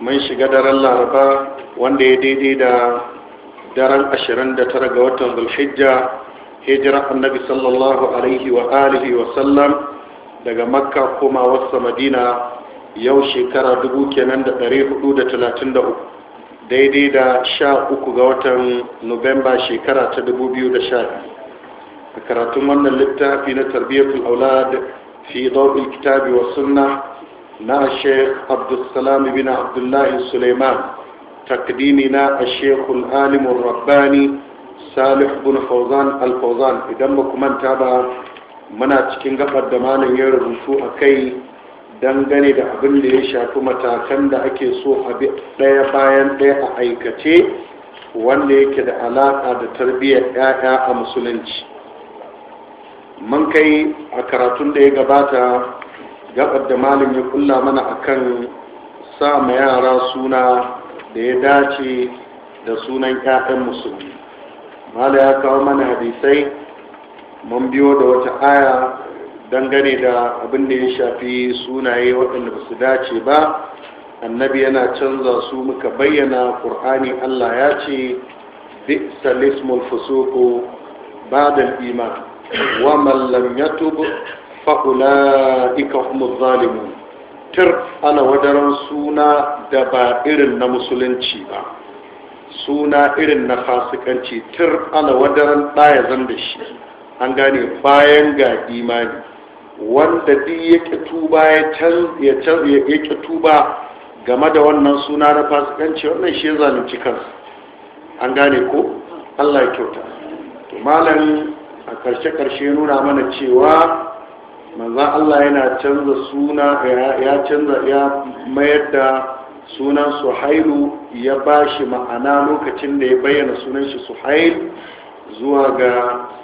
mun shiga daren laraba wanda ya daidai da daren 29 ga watan zulhijja hijira annabi sallallahu alaihi wa alihi wa sallam daga makka koma wasa madina yau shekara dubu kenan da hudu da talatin uku, daidai da sha uku ga watan nuwamba shekara ta dubu biyu da sha a karatun wannan littafi na tarbiyyar aulad fi dawil kitabi wa sunna na الشيخ abdulsalam bin بن عبد الله na تقديمنا الشيخ العالم bin صالح al فوزان Idan ba ku manta ba, muna cikin gabar da malam ya rubutu a kai dangane da abin da ya shafi matakan da ake so a bi ɗaya bayan ɗaya a aikace wanda yake da alaƙa da tarbiyyar 'ya'ya a musulunci mun kai a karatun da ya gabata gabar da malam ya kulla mana akan sa ma yara suna da ya dace da sunan 'ya'yan musulmi malam ya kawo mana hadisai mun biyo da wata aya dangane da abin da ya shafi sunaye waɗanda ba su dace ba annabi yana canza su muka bayyana ƙur'ani allah ya ce bi'sa lismul ba da iman wa mallam ya tubu fa'ula'ika kuma zalimu tir ana wadaran suna da ba irin na musulunci ba suna irin na fasikanci tir ana wadaran ɗaya zan da shi an gane bayan ga imani wanda duk ya tuba tuba game da wannan suna na fasikanci wannan shi ya zalunci kansu, an gane ko allah ya kyauta to malam a ƙarshe-ƙarshe ƙarshe nuna mana cewa manzan Allah yana canza suna ya canza ya mayar da sunan suhailu ya ba shi ma'ana lokacin da ya bayyana sunan shi suhail zuwa ga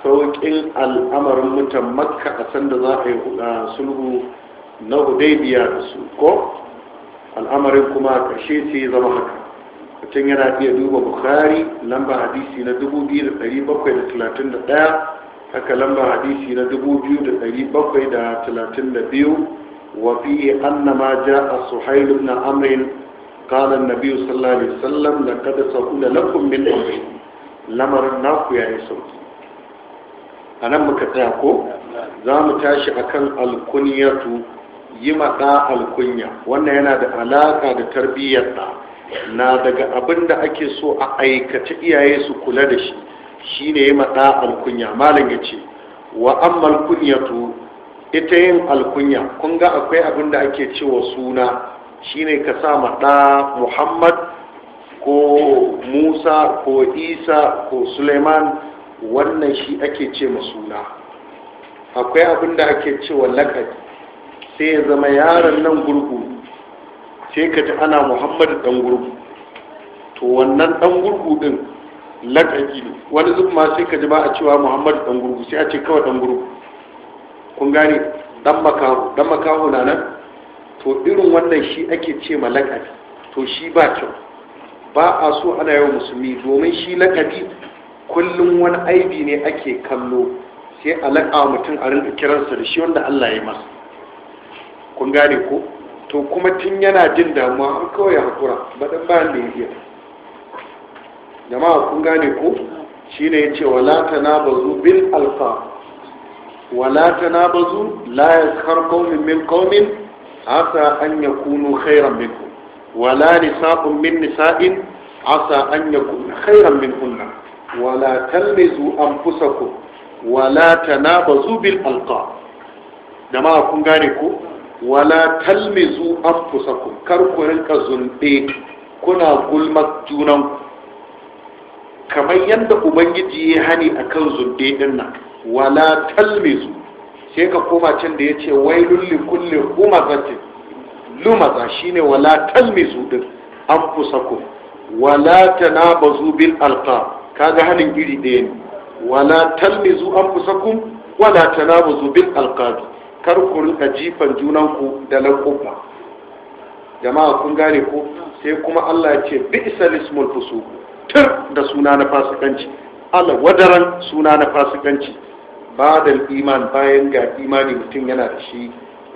sauƙin al'amarin mutan makka a sanda za a yi sulhu na hudaybiya da su ko al'amarin kuma ƙarshe sai zama haka mutum yana iya duba bukari lamba hadisi na 2731 haka lamba hadisi na 2732 wafi anna ma ja a suhailu na amrin kala na biyu sallari sallam da kada sauku da lakon min amrin lamarin naku ya yi sauki a nan muka tsaya ko za mu tashi a kan alkuniyatu yi maɗa alkunya wannan yana da alaƙa da tarbiyyar na daga abin da ake so a aikace iyaye su kula da shi shine ya maɗa alkunya malam ya ce wa ammal kunyatu ita yin alkunya kun ga akwai abin da ake cewa suna shine ka sa maɗa muhammad ko musa ko isa ko suleiman wannan shi ake ce ma suna akwai abin da ake cewa lakabi sai ya zama yaron nan gurgu sai ka ji ana muhammadu ɗan gurgu to wannan ɗan gurgu ɗin laƙaƙi ne wani zuba ma sai ka ji ba a cewa muhammadu dan gurgu sai a ce kawai dan gurgu kun gane ɗan makaho dan makaho na nan to irin wannan shi ake ce ma lakadi to shi ba kyau ba a so ana yawan musulmi domin shi lakadi kullum wani aibi ne ake kallo sai a laƙa mutum a rinka kiransa da shi wanda allah ya masa kun gane ko to kuma tun yana jin damuwa an kawai hakura ba ɗan bayan da ya jama'a kun gane ko ce, walata na bazu bil alfa wala tanabazu la yaskar qaumin min qaumin asa an ya yakunu khairan ku. wala nisa'un min nisa'in asa an ya yakunu khairan minkunna wala talmizu anfusakum wala bazu bil alqa jama'a kun gane ko wala talmizu ku, kar ku rinka zunde kuna gulmat junanku kamar yadda ubangiji ya hani a kan zunde ɗin nan wala talmizu sai ka koma can da ya ce wai lulli kulle humazatin lumaza shine wala talmizu din, an fusa ku wala tanabazu bil alqa kaga hanin iri ɗaya ne wala talmizu an fusa ku wala tanabazu bil alqabi kar ku rinka jifan junanku da lankufa jama'a kun gane ko sai kuma Allah ya ce bi'sal ismul fusuku tur da suna na fasikanci ala wadaran suna na fasikanci ba da iman bayan ga imani mutum yana da shi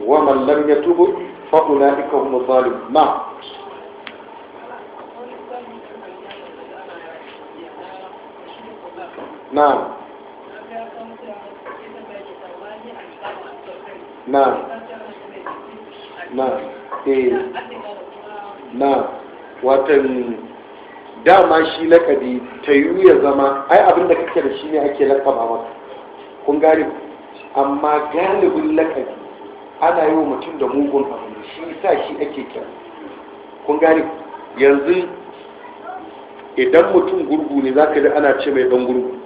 wa mallam ya tubu fa'ula ika kuma zalim ma na na na eh na watan dama shi lakabi ta yi ya zama ai abinda kake da shi ne ake lakaba masa kun gane amma galibin lakabi ana yi wa mutum da mugun abu shi sa shi ake kira kun gane yanzu idan mutum gurgu ne za ka ji ana ce mai dan gurgu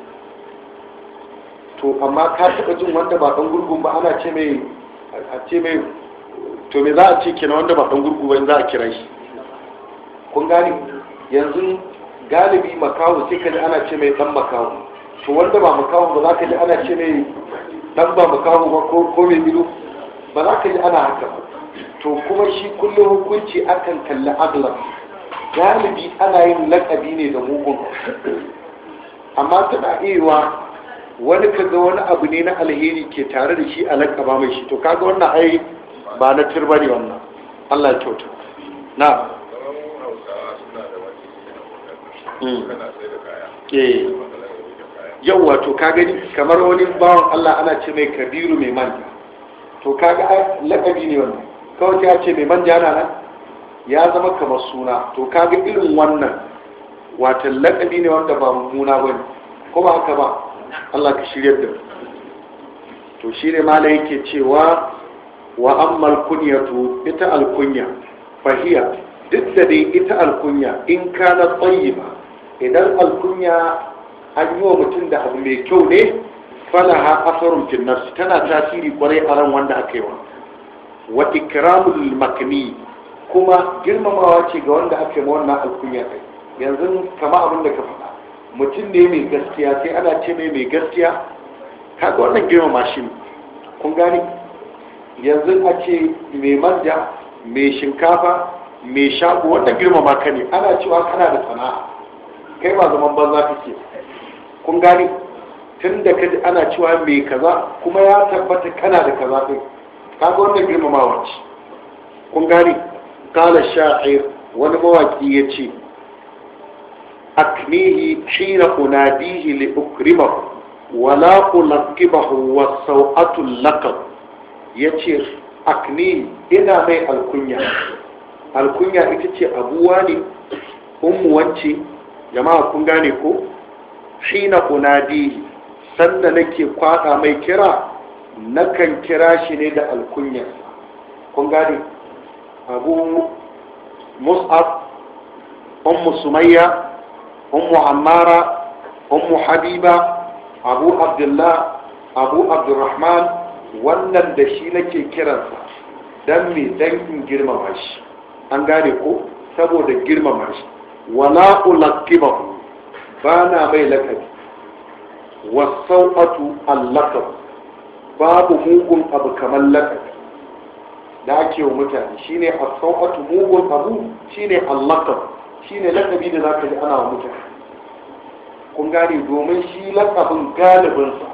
to amma ka taɓa jin wanda ba dan gurgun ba ana ce mai a ce mai to me za a ce kina wanda ba dan gurgu ba za a kira shi kun gane yanzu galibi makaho sai ka ji ana ce mai dan makaho to wanda ba makaho ba za ka ji ana ce mai dan ba makaho ba ko mai ido ba za ka ji ana haka ba to kuma shi kullum hukunci akan kalli aglam galibi ana yin lakabi ne da mugun amma tana iya wani kaga wani abu ne na alheri ke tare da shi a lakaba mai shi to kaga wannan ai ba na turba ne wannan allah ya kyauta na Mm. kana sai eh. yau wato ka gani kamar wani bawan Allah ana ce mai kabiru mai manja to kaga lakabi ne wannan kawai ta ce mai manja na nan ya zama kamar suna to kaga irin wannan wata lakabi ne wanda ba mummuna ba ne ko ba haka ba Allah ka shirya da to shi ne mala yake cewa wa ammal kunyatu ita alkunya fahiya duk da dai ita alkunya in kana tsayi ba idan alkunya an yi wa mutum da abu mai kyau ne ha asarun fil tana tasiri kwarai a ran wanda aka yi wa wa ikramul makni kuma girmamawa ce ga wanda aka yi wannan alkunya kai yanzu kama abin da ka faɗa mutum ne mai gaskiya sai ana ce mai mai gaskiya kaga wannan girmama shi kun gani yanzu a ce mai manja mai shinkafa mai shago wannan girmama ka ne ana cewa kana da sana'a kai ba zaman banza kake kun gani tun da kaji ana cewa mai kaza kuma ya tabbata kana da kaza ka ga wannan girmamawa ce kun gani kala sha'ir wani mawaki ya ce aknihi hina unadihi li ukrimahu wala ulaqibahu wa sau'atu laqab yace aknihi ina mai alkunya alkunya ita ce abuwa ne ummu wacce jama'a kun gane ko hina unadihi sanda nake kwada mai kira nakan kira shi ne da alkunya kun gane abu mus'ab ummu sumayya ummu ammara ummu habiba abu abdullah abu abdurrahman wannan da shi nake kiransa dan me dan in girmama shi an gane ko saboda girmama shi wala ulaqibahu ba na mai lakabi wasau'atu allakab babu mugun abu kamar lakabi da ake wa mutane shine sau'atu mugun abu shine allakab shine lakabi da ka ji ana wa mutane kun gane domin shi lakabin galibinsa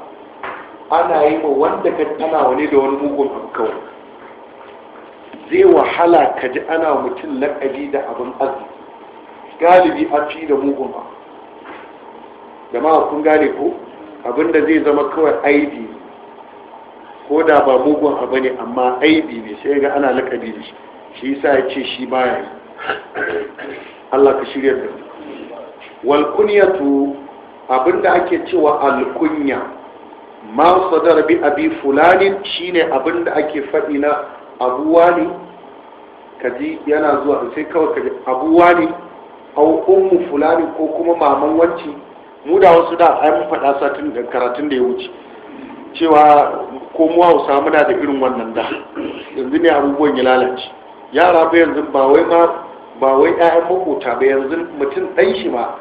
ana yi wa wanda ka tana wani da wani mugun abu kawai zai wahala ka ji ana mutum lakabi da abin arziki galibi an fi da mugun ba jama'a kun gane ko abinda zai zama kawai aibi ko da ba mugun abu ne amma aibi ne sai ga ana lakabi da shi shi sa ya ce shi baya yi Allah ka shirya da wal kunyatu abinda ake cewa al kunya ma sadara bi abi fulanin shine abinda ake faɗi na abuwa ne kaji yana zuwa sai kawai kaji abuwa ne au ummu fulani ko kuma maman wancin mu da wasu da ai mun faɗa satin da karatun da ya wuce cewa ko mu Hausa muna da irin wannan da yanzu ne abubuwan ya lalace yara ba yanzu ba wai ma ba wai ƴaƴan makota ba yanzu mutum ɗan shi ma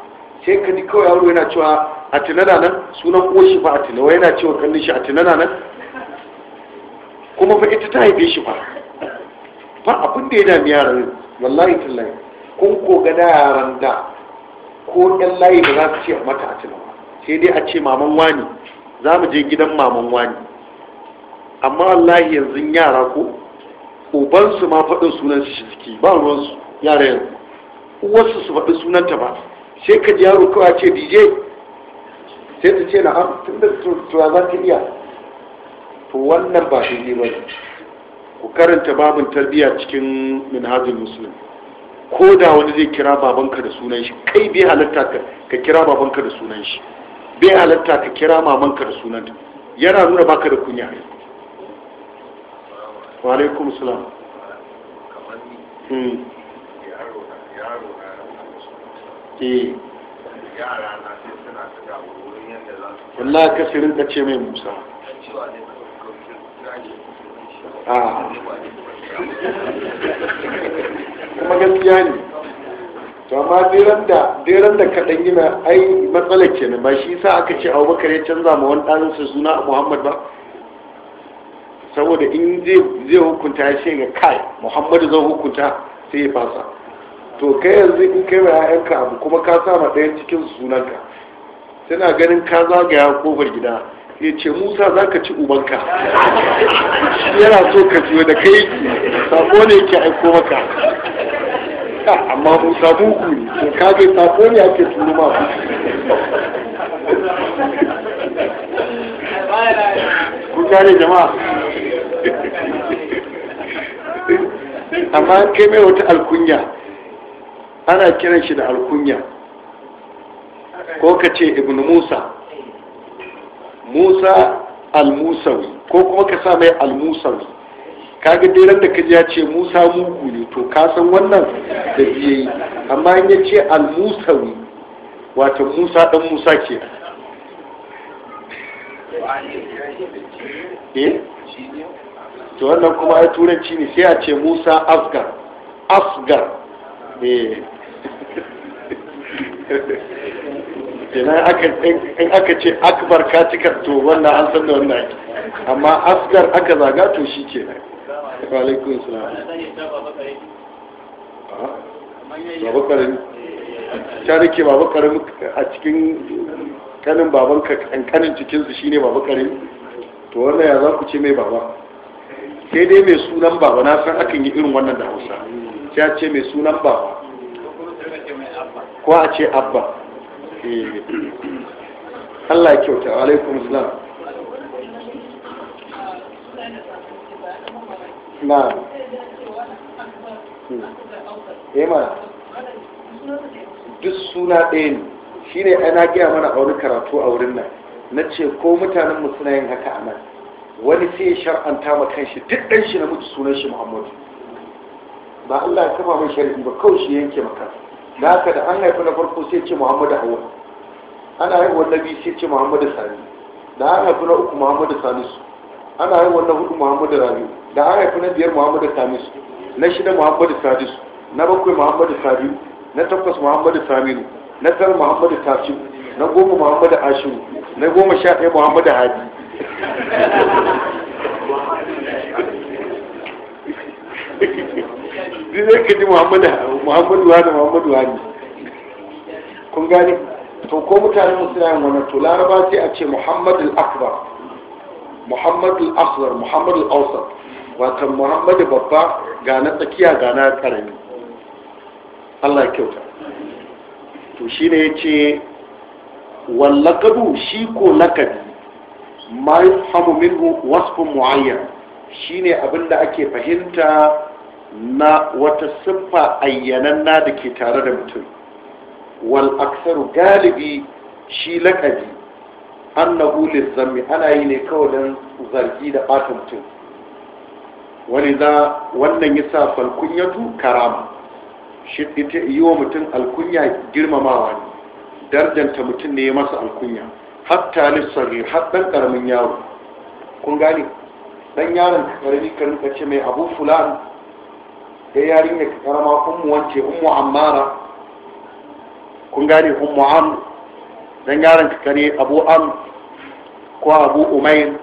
sai ka ji kawai yaro yana cewa a tunana nan sunan koshi ba a wai yana cewa kallon shi a tunana nan kuma fa ita ta haife shi ba ba abin da ya dami yaran wallahi tallahi kun ko ga yaran da ko ɗan layi ba za su ce mata a tuna sai dai a ce maman wani za mu je gidan maman wani amma wallahi yanzu yara ko ubansu ma faɗin sunan su shi ba su yara yanzu Wasu su faɗi sunanta ba sai ka ji yaro kawai ce dj sai ta ce na'am tun da tura za ta iya to wannan ba shi ne ba ku karanta babin tarbiyya cikin minhajin musulmi ko da wani zai kira babanka da sunan shi kai bai halatta ka kira babanka da sunan shi bai halatta ka kira mamanka da sunanta yana nuna baka da kunya wa alaikum salam hmm. eh. Allah ka sirin ce mai musa a ah. kuma gaskiya ne to amma diran da diran da kaɗan gina ai matsalar kenan ba shi sa aka ce abubakar ya canza ma wani ɗaninsa suna muhammad ba saboda in zai hukunta ya ce ga kai muhammadu zai hukunta sai ya fasa to kai yanzu in kai wa 'ya'yanka abu kuma ka sa ma ɗayan cikin sunanka suna ganin ka zagaya kofar gida ya ce musa za ka ci ubanka yana so ka ciwo da kai sako ne ke aiko maka amma musa buku ne to kage sako ne ake turo ma ku gane jama'a amma an kai mai wata alkunya ana kiran shi da alkunya ko ka ce ibn musa musa al ko kuma ka sa mai al-musawi kaga dai ran da kaji ya ce musa mugu ne to ka san wannan da biye amma in ya ce al-musawi wato musa dan musa ke eh to wannan kuma ai turanci ne sai a ce musa asgar asgar eh kenan in aka ce akbar ka cika to wannan an san da wannan ake amma asgar aka zaga to shi ke nan alaikun salam baba karin ta rike baba karin a cikin kanin baban ka kankanin cikinsu shine baba karin to wannan ya za ku ce mai baba sai dai mai sunan baba na san akan yi irin wannan da hausa ya ce mai sunan baba ko a ce abba Eh. Allah ya kyauta alaikun islam na hmm. eh, duk suna ɗaya ne shi ne ana gaya mana a wani karatu a wurin nan na ce ko mutanen mu suna yin haka a nan wani sai ya shar'anta ma kanshi duk ɗan shi na mutu sunan shi muhammadu ba Allah ya kafa mai shari'i ba kawai shi yanke maka da haka da an haifi na farko sai ce muhammadu hawa ana haifi na biyu sai ce muhammadu sani da an haifi na uku muhammadu su ana haifi na hudu muhammadu rabiu da an haifi na biyar muhammadu su na shida muhammadu su na bakwai muhammadu sani na takwas muhammadu samiru na tsar muhammadu tasiru na goma muhammadu ashiru na goma sha ɗaya muhammadu hadi Thank you. duk zai ka ji muhammadu wa da muhammadu wani kun gane to ko mutanen suna yin wani to laraba sai a ce muhammadu akbar muhammadu aswar muhammadu ausar watan muhammadu babba ga na tsakiya ga na karami allah ya kyauta to shi ne ya ce wallakadu shi ko lakadi, ma yi hamu minhu wasfin mu'ayyan shi ne abinda ake fahimta na wata siffa ayyananna da ke tare da mutum wal aksaru galibi shi lakabi annahu lizzami ana yi ne kawai don zargi da ɓata mutum wani za wannan yasa falkunyatu karama shi ita yi wa mutum alkunya girmamawa ne darjanta mutum ne ya masa alkunya hatta lissari har ɗan ƙaramin yaro kun gane ɗan yaron karami ka ce mai abu fulani sai yarinya ta karama ummu wance ummu ammara kun gane ummu am dan yaron ka kare abu am ko abu umayn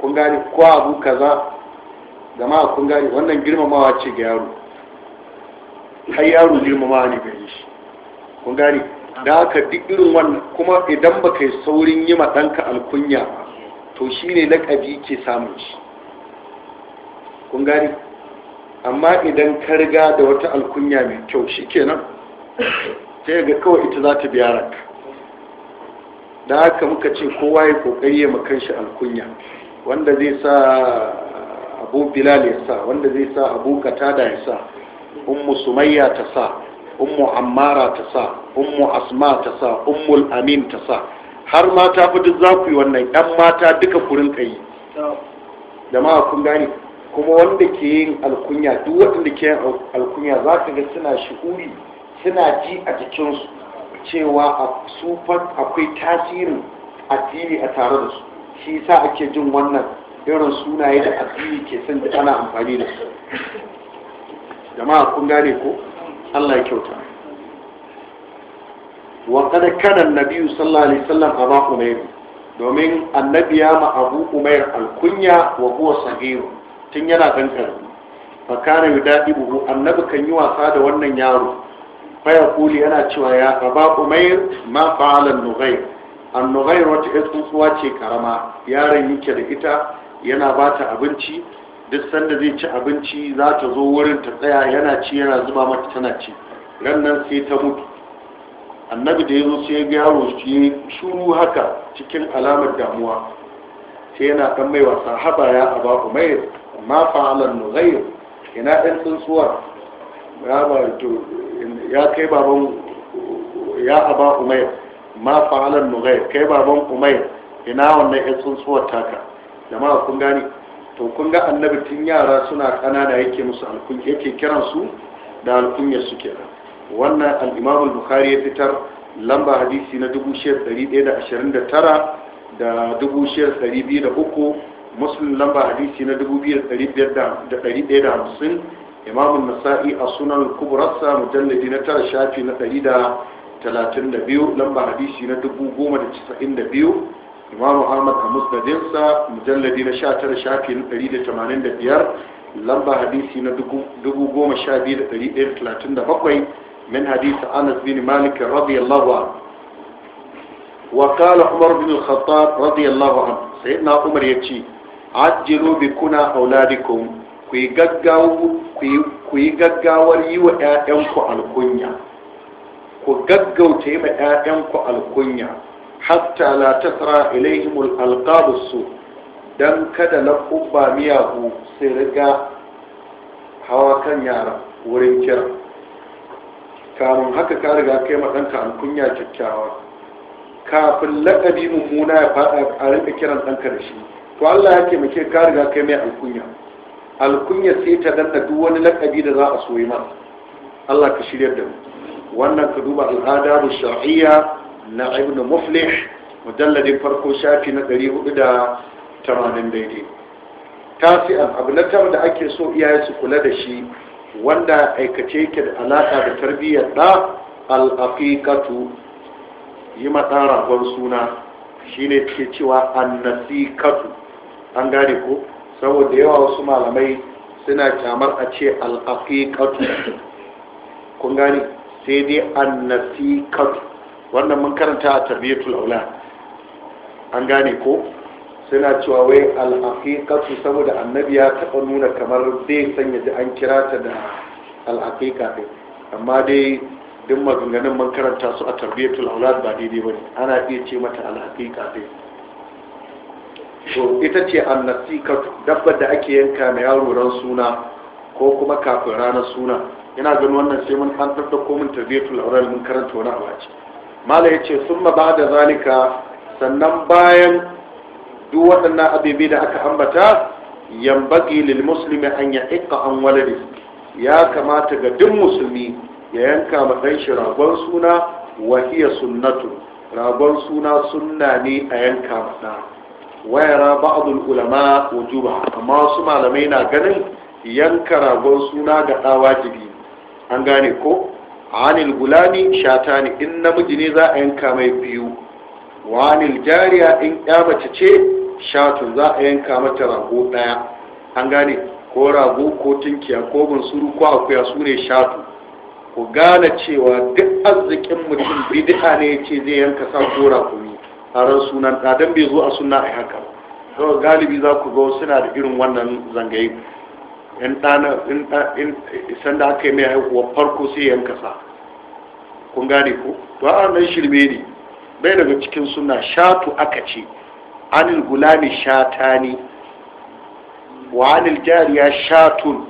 kun gane ko abu kaza jama'a kun gane wannan girmamawa ce ga yaro kai yaro girmama ne ga shi kun gane da haka duk irin wannan kuma idan ba kai saurin yi ma ɗanka alkunya to shine lakabi ke samun shi kun gane amma idan ka riga da wata alkunya mai kyau shikenan sai ga kawai ita za ta biya raka. da haka muka ce kowa ya kokari ya makan shi alkunya wanda zai sa abu bilal ya sa wanda zai sa abu katada ya sa ummu sumayya ta sa ummu ammara ta sa ummu asma ta sa ummul amin ta sa har mata fi duk za ku yi wannan yan mata duka kurin kai jama'a kun gani kuma wanda ke yin alkunya duk waɗanda ke yin alkunya za ka ga suna shi'uri suna ji a jikinsu cewa a sufan akwai tasirin addini a tare da su shi sa ake jin wannan irin sunaye da addini ke son da ana amfani da su jama'a kun gane ko Allah ya kyauta wa kada kana annabi sallallahu alaihi wasallam aba domin annabi ya ma abu umayr alkunya wa huwa sagiru tun yana ɗan ƙarfi fa kana buhu annabi kan yi wasa da wannan yaro fa kuli yana cewa ya aba umair ma fa'ala nughayr nughair an-nughair wata tsuntsuwa ce karama yaron yake da ita yana ba ta abinci duk sanda zai ci abinci za ta zo wurin ta tsaya yana ci yana zuba mata tana ci rannan sai ta mutu annabi da ya zo sai ga yaro shi shuru haka cikin alamar damuwa sai yana kan mai wasa haba ya aba umair ma فعل المغير ina ɗan tsuntsuwar ya ba to ya kai baban ya aba umayr ma fa'alar nughayr kai baban ina wannan ɗan tsuntsuwar taka jama'a kun to kun ga annabi tun yara suna ƙanana yake musu alkun yake kiran su da alkunyar su kenan wannan al-imam al-bukhari ya fitar lamba hadisi na 1129 da مسلم لمبا حديثي ندبو بير تقريب دير دام سن إمام النسائي أصنع الكبرى مجلد نتر شافي نتريد تلاتين دبيو لمبا حديثي ندبو قومة تسعين دبيو إمام أحمد مسددين سا مجلد نشاتر شافي نتريد تمانين دبيار لمبا حديثي ندبو قومة شافي نتريد ايه تلاتين دبقوي من حديث أنس بن مالك رضي الله عنه وقال عمر بن الخطاب رضي الله عنه سيدنا عمر يتشيه ajiru bi kuna auladikum ku yi gaggawar yi wa 'ya'yanku alkunya ku gaggauta yi ma 'ya'yanku alkunya hatta la tasra alqab su dan kada na kubba ku sai riga hawa kan yara wurin kira kamun haka ka riga kai ma ɗanka alkunya kyakkyawa kafin laƙabi mummuna ya faɗa a rinka kiran ɗanka da shi to Allah ya muke ka riga kai mai alkunya alkunya sai ta danna duk wani lakabi da za a soyi ma Allah ka shirya da mu wannan ka duba al'adabu shar'iyya na ibn muflih mujalladin farko shafi na 480 daidai tasi'an abu na da ake so iyaye su kula da shi wanda aikace yake da alaƙa da tarbiyyar ɗa al'afiƙatu yi maɗa ragon suna shine ke cewa annasikatu an gane ko saboda yawa wasu malamai suna kyamar a ce al'afiƙatu kun gane sai dai annasiƙatu wannan mun karanta a tarbiyatul aula an gane ko suna cewa wai al'aƙiƙatu saboda annabi ya taɓa nuna kamar zai sanya ji an kira ta da al'aƙiƙa ɗin amma dai duk maganganun mun karanta su a tarbiyatul aulad ba daidai ba ne ana iya ce mata al'aƙiƙa ɗin to ita ce annasikatu dabbar da ake yanka mai yaro ran suna ko kuma kafin ranar suna yana ganin wannan sai mun an tabbata ko mun tarbiyatul aural mun karanta wani abu ce mala yace summa ba'da zalika sannan bayan duk waɗannan abubuwa da aka ambata yambaki lil muslimi an yaqiqa an waladi ya kamata ga duk musulmi ya yanka ma dan shi ragon suna wa hiya sunnatu ragon suna sunna ne a yanka masa wayara ba'adul ulama wujuba amma wasu malamai na ganin yanka ragon suna ga da wajibi an gane ko anil gulani shatani in namiji ne za a yanka mai biyu wa anil jariya in ya mace ce shatun za a yanka mata rago ɗaya an gane ko rago ko tinkiya ko bunsuru ko akuya su ne shatu ku gane cewa duk arzikin mutum bid'a ne ce zai yanka sa ko rakumi taron sunan ɗa bai zo a suna a haka ba galibi za ku ga suna da irin wannan zangayi in ɗana isan sanda aka yi mai haihuwa farko sai yanka sa kun gane ku, to a nan shirme ne bai daga cikin suna shatu aka ce anil gulami shatani wa anil jariya shatun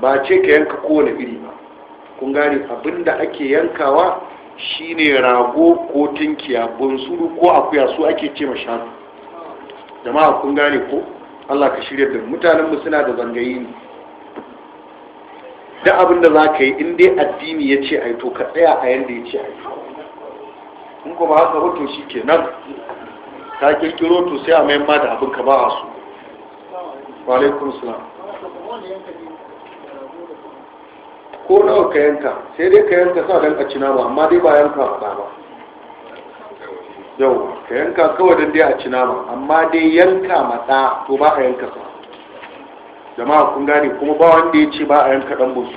ba ce ka yanka kowane iri ba kun gane abin da ake yankawa Shi ne rago ko tunkiya bunsuru ko akuya su ake ce ma shanu jama'a kun gane ko Allah ka shirya da mutanen mu suna da zangayi ne da abin da za ka yi in dai addini ya ce aito to ka tsaya a yadda ya ce ai in ko ba haka shi ke nan. ka kirkiro to sai a mayan ma da abin ka ba a su wa alaikum salam ko nawa ka yanka sai dai ka yanka sa dan a ci nama amma dai ba yanka faɗa ba yau ka yanka kawai dan dai a ci nama amma dai yanka matsa to ba a yanka sa jama'a kun gane kuma ba wanda ya ce ba a yanka dan bosu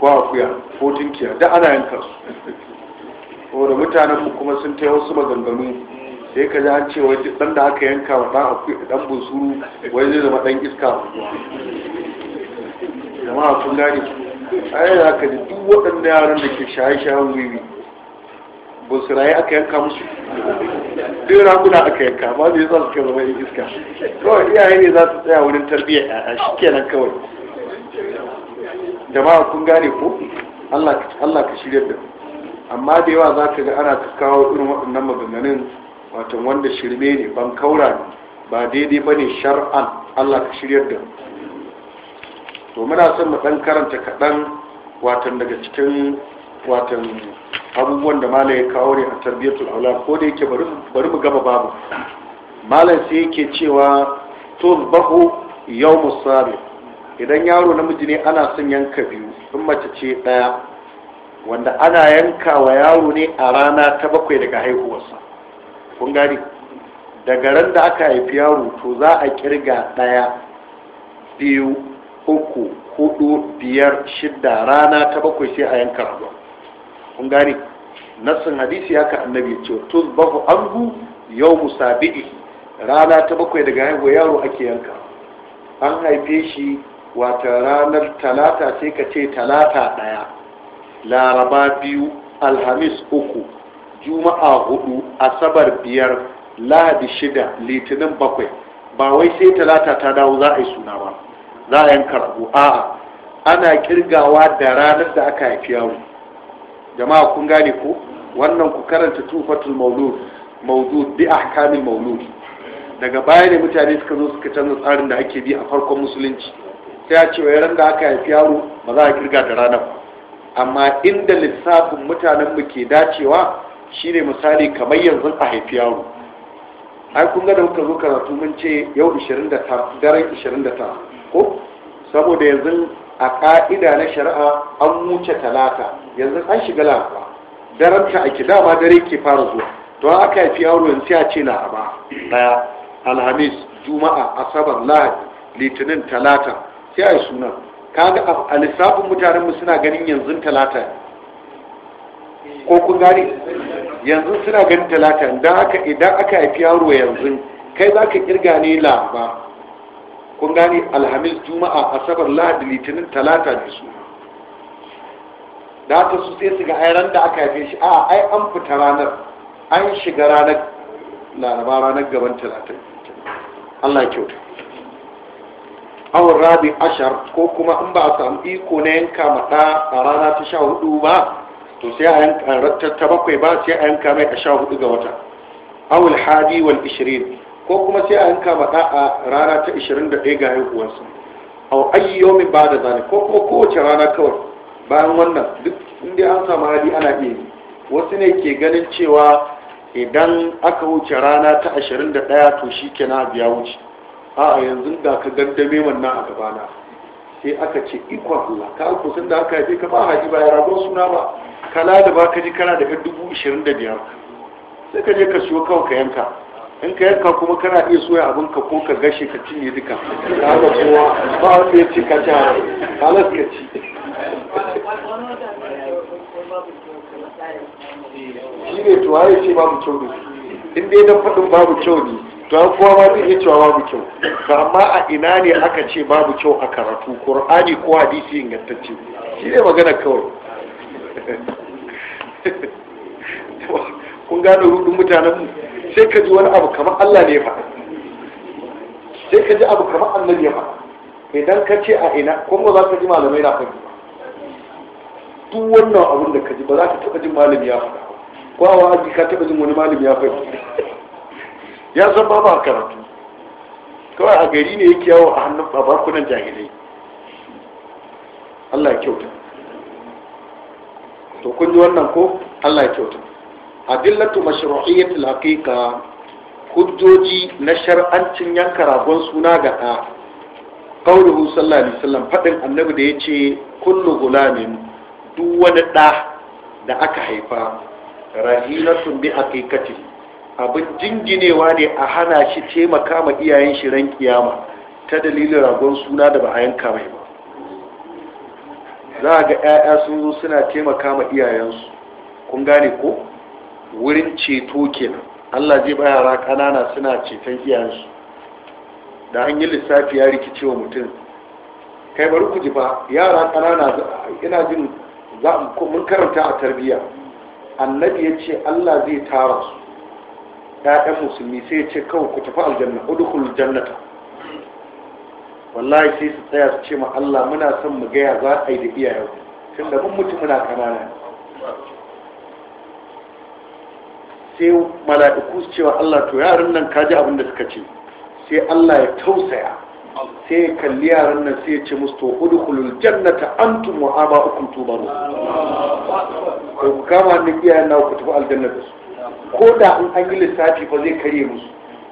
ko akuya ko tinkiya da ana yanka su saboda mutanen mu kuma sun taya wasu maganganu sai ka ji an ce wai duk dan da aka yanka wa dan akuya dan bosu wai zai zama dan iska jama'a kun gane a yana haka da duk waɗanda yaran da ke shaye-shayen gwiwi ba su raye aka yanka musu duk raguna aka yanka ba zai za su ka zama iska kawai iyaye ne za su tsaya wurin tarbiyyar ya'ya shi kenan kawai jama'a kun gane ko allah ka shirya da amma da yawa za ka ga ana ta kawo irin waɗannan maganganun watan wanda shirme ne ban kaura ba daidai ba ne shar'an allah ka shirya da to muna son mu dan karanta kaɗan watan daga cikin watan abubuwan da mala ya kawo ne a tarbiyyar aula ko da yake bari mu gaba babu malam sai yake cewa bahu yau sabi idan yaro namiji ne ana son yanka biyu in mace ce ɗaya. wanda ana yanka wa yaro ne a rana ta bakwai daga haihuwarsa kun gani daga ran da aka haifi yaro to za a kirga ɗaya biyu uku hudu biyar shidda rana ta bakwai sai a yanka ragon kun gane nassin hadisi haka annabi ce tuzbahu anhu yau musabi'i rana ta bakwai daga haihuwa yaro ake yanka an haife shi wata ranar talata sai ka ce talata daya laraba biyu alhamis uku juma'a hudu asabar biyar lahadi shida litinin bakwai ba wai sai talata ta dawo za a yi suna ba za a yanka rago a'a ana kirgawa da ranar da aka haifi yaro jama'a kun gane ko wannan ku karanta tufatul maulud maulud bi ahkamil maulud daga baya ne mutane suka zo suka canza tsarin da ake bi a farkon musulunci sai a ce wayar da aka haifi yaro ba za a kirga da ranar amma inda lissafin mutanen mu ke dacewa shine misali kamar yanzu a haifi yaro ai kun ga da kuka zo karatu mun ce yau 29 daren 29 ko saboda yanzu a ka'ida na shari'a an wuce talata yanzu an shiga lafa daren ta ake dama dare ke fara zuwa to an aka haifi yaro yanzu ya ce ba. daya alhamis juma'a asabar lahadi litinin talata sai a yi sunan kaga a lissafin mutanen mu suna ganin yanzu talata ko kun gane yanzu suna ganin talata idan aka haifi yaro yanzu kai za ka kirga ne lafa kun gani alhamis juma'a asabar lahadi litinin talata da su da ta su sai su ga ai da aka haife shi a ai an fita ranar an shiga ranar laraba ranar gaban talatin Allah ya kyauta awon rabi ashar ko kuma in ba a samu iko na yanka mata a rana ta sha hudu ba to sai a yanka ta bakwai ba sai a yanka mai a sha hudu ga wata awul hadi wal ishirin ko kuma sai a yanka ma a rana ta 21 ga haihuwarsa au yomi ba da zane ko kuma kowace rana kawai bayan wannan duk inda an samu hali ana iya yi wasu ne ke ganin cewa idan aka wuce rana ta 21 to shi ke na biya wuce a yanzu da ka gandame wannan a gabana sai aka ce ikon Allah ka sun da aka haife ka ba haji ba ya ragon suna ba kala da ba ka ji kana da 25,000 sai ka je ka siyo kawai ka yanka in ka yanka kuma kana iya soya abin ka ko ka gashe ka cinye duka ka ga kowa ba wanda ya ci ka ci halas ka ci shi ne to ce babu kyau ne in dai dan faɗin babu kyau ne to an kowa ma zai iya cewa babu kyau to amma a ina ne aka ce babu kyau a karatu qur'ani ko hadisi ingantacce shi ne magana kawai kun gane rudin mutanen mu sai ka ji wani abu kamar Allah ne ya sai ka ji abu kamar annabi ya faɗa idan ka ce a ina ko ba za ka ji malamai na faɗi duk wannan abun da ka ji ba za ka taɓa jin malami ya faɗa ko a wa'azi ka taɓa jin wani malami ya faɗi ya san ba ba karatu kawai a gari ne yake yawo a hannun a bakunan jahilai Allah ya kyauta to kun ji wannan ko Allah ya kyauta adillatu mashru'iyyatil haqiqa hujjoji na shar'ancin yanka ragon suna ga ɗa qauluhu sallallahu alaihi wasallam fadin annabi da yace kullu gulamin duk wani ɗa da aka haifa rahinatun bi haqiqati abin jinginewa ne a hana shi taimaka ma iyayen shi ran kiyama ta dalilin ragon suna da ba a yanka mai ba za a ga 'ya'ya sun zo suna taimaka ma iyayensu kun gane ko wurin ceto kenan Allah zai ba yara kanana suna ceton iyayensu da an yi lissafi ya rikice wa mutum kai bari ku ji ba yara kanana ina jin za mun karanta a tarbiyya annabi ya ce Allah zai tara su Ya'yan musulmi sai ya ce kawai ku tafi aljanna udkhul jannata wallahi sai su tsaya su ce ma Allah muna son mu gaya za a yi da iyayen tunda mun mutu muna kanana sai mala'iku su cewa Allah to yaran nan kaji abin da suka ce sai Allah ya tausaya sai ya kalli yaran nan sai ya ce musu to udkhulul jannata antum wa aba'ukum tubaru ko ku kama ni iyayen nawa ku tafi aljanna da su ko da in an yi lissafi ba zai kare musu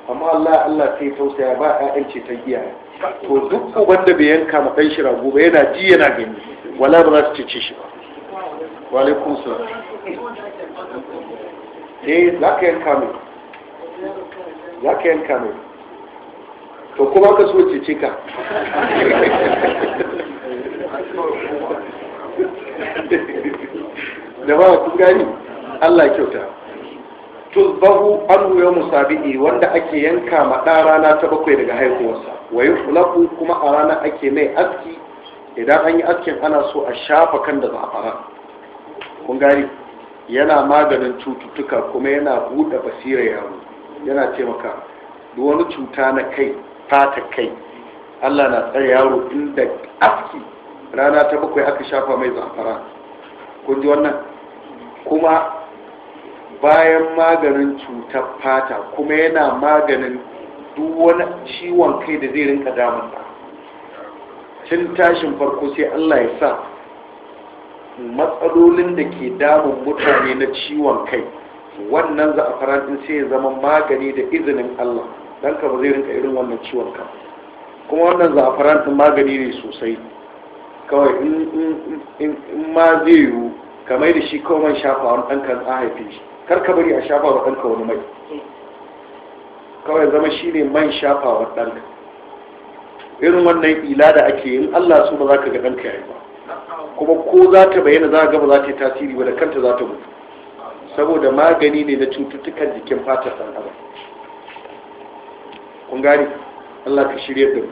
amma Allah Allah sai tausaya ba ƴaƴan ce ta iyaye to duk uban da bai yanka ma dan shi yana ji yana gani wala ba za su ce shi ba wa alaikum salam eh za ka yanka mai za ka yanka to kuma ka so cece ka da ba ku gani Allah kyauta tuzbahu anhu yawmu musabi'i wanda ake yanka ma ɗan rana ta bakwai daga haihuwarsa wa fulaku kuma a rana ake mai aski idan an yi askin ana so a shafa kan da za a kun gani yana maganin cututtuka kuma yana buɗe basira yaro yana taimaka duk wani cuta na kai fata kai allah na tsare yaro inda aski rana ta bakwai aka shafa mai zafara. kun ji wannan kuma bayan maganin cutar fata kuma yana maganin duk wani ciwon kai da zai rinka damunta tun tashin farko sai allah ya sa matsalolin da ke damun mutane na ciwon kai wannan za'afaran din sai ya zama magani da izinin Allah dan ka ba zai rinka irin wannan ciwon kan kuma wannan za'afaran din magani ne sosai kawai in ma zai yiwu kamar da shi kawai man shafa wani ɗanka a haife shi kar ka bari a shafa wa ɗanka wani mai kawai zama shi ne man shafa wa ɗanka irin wannan ila da ake yin Allah su ba za ka ga ɗanka ya yi ba kuma ko za ta bayyana za a gama za ta yi tasiri ba da kanta za ta mutu saboda magani ne na cututtukan jikin fatar san adam kun gani allah ka shirya da mu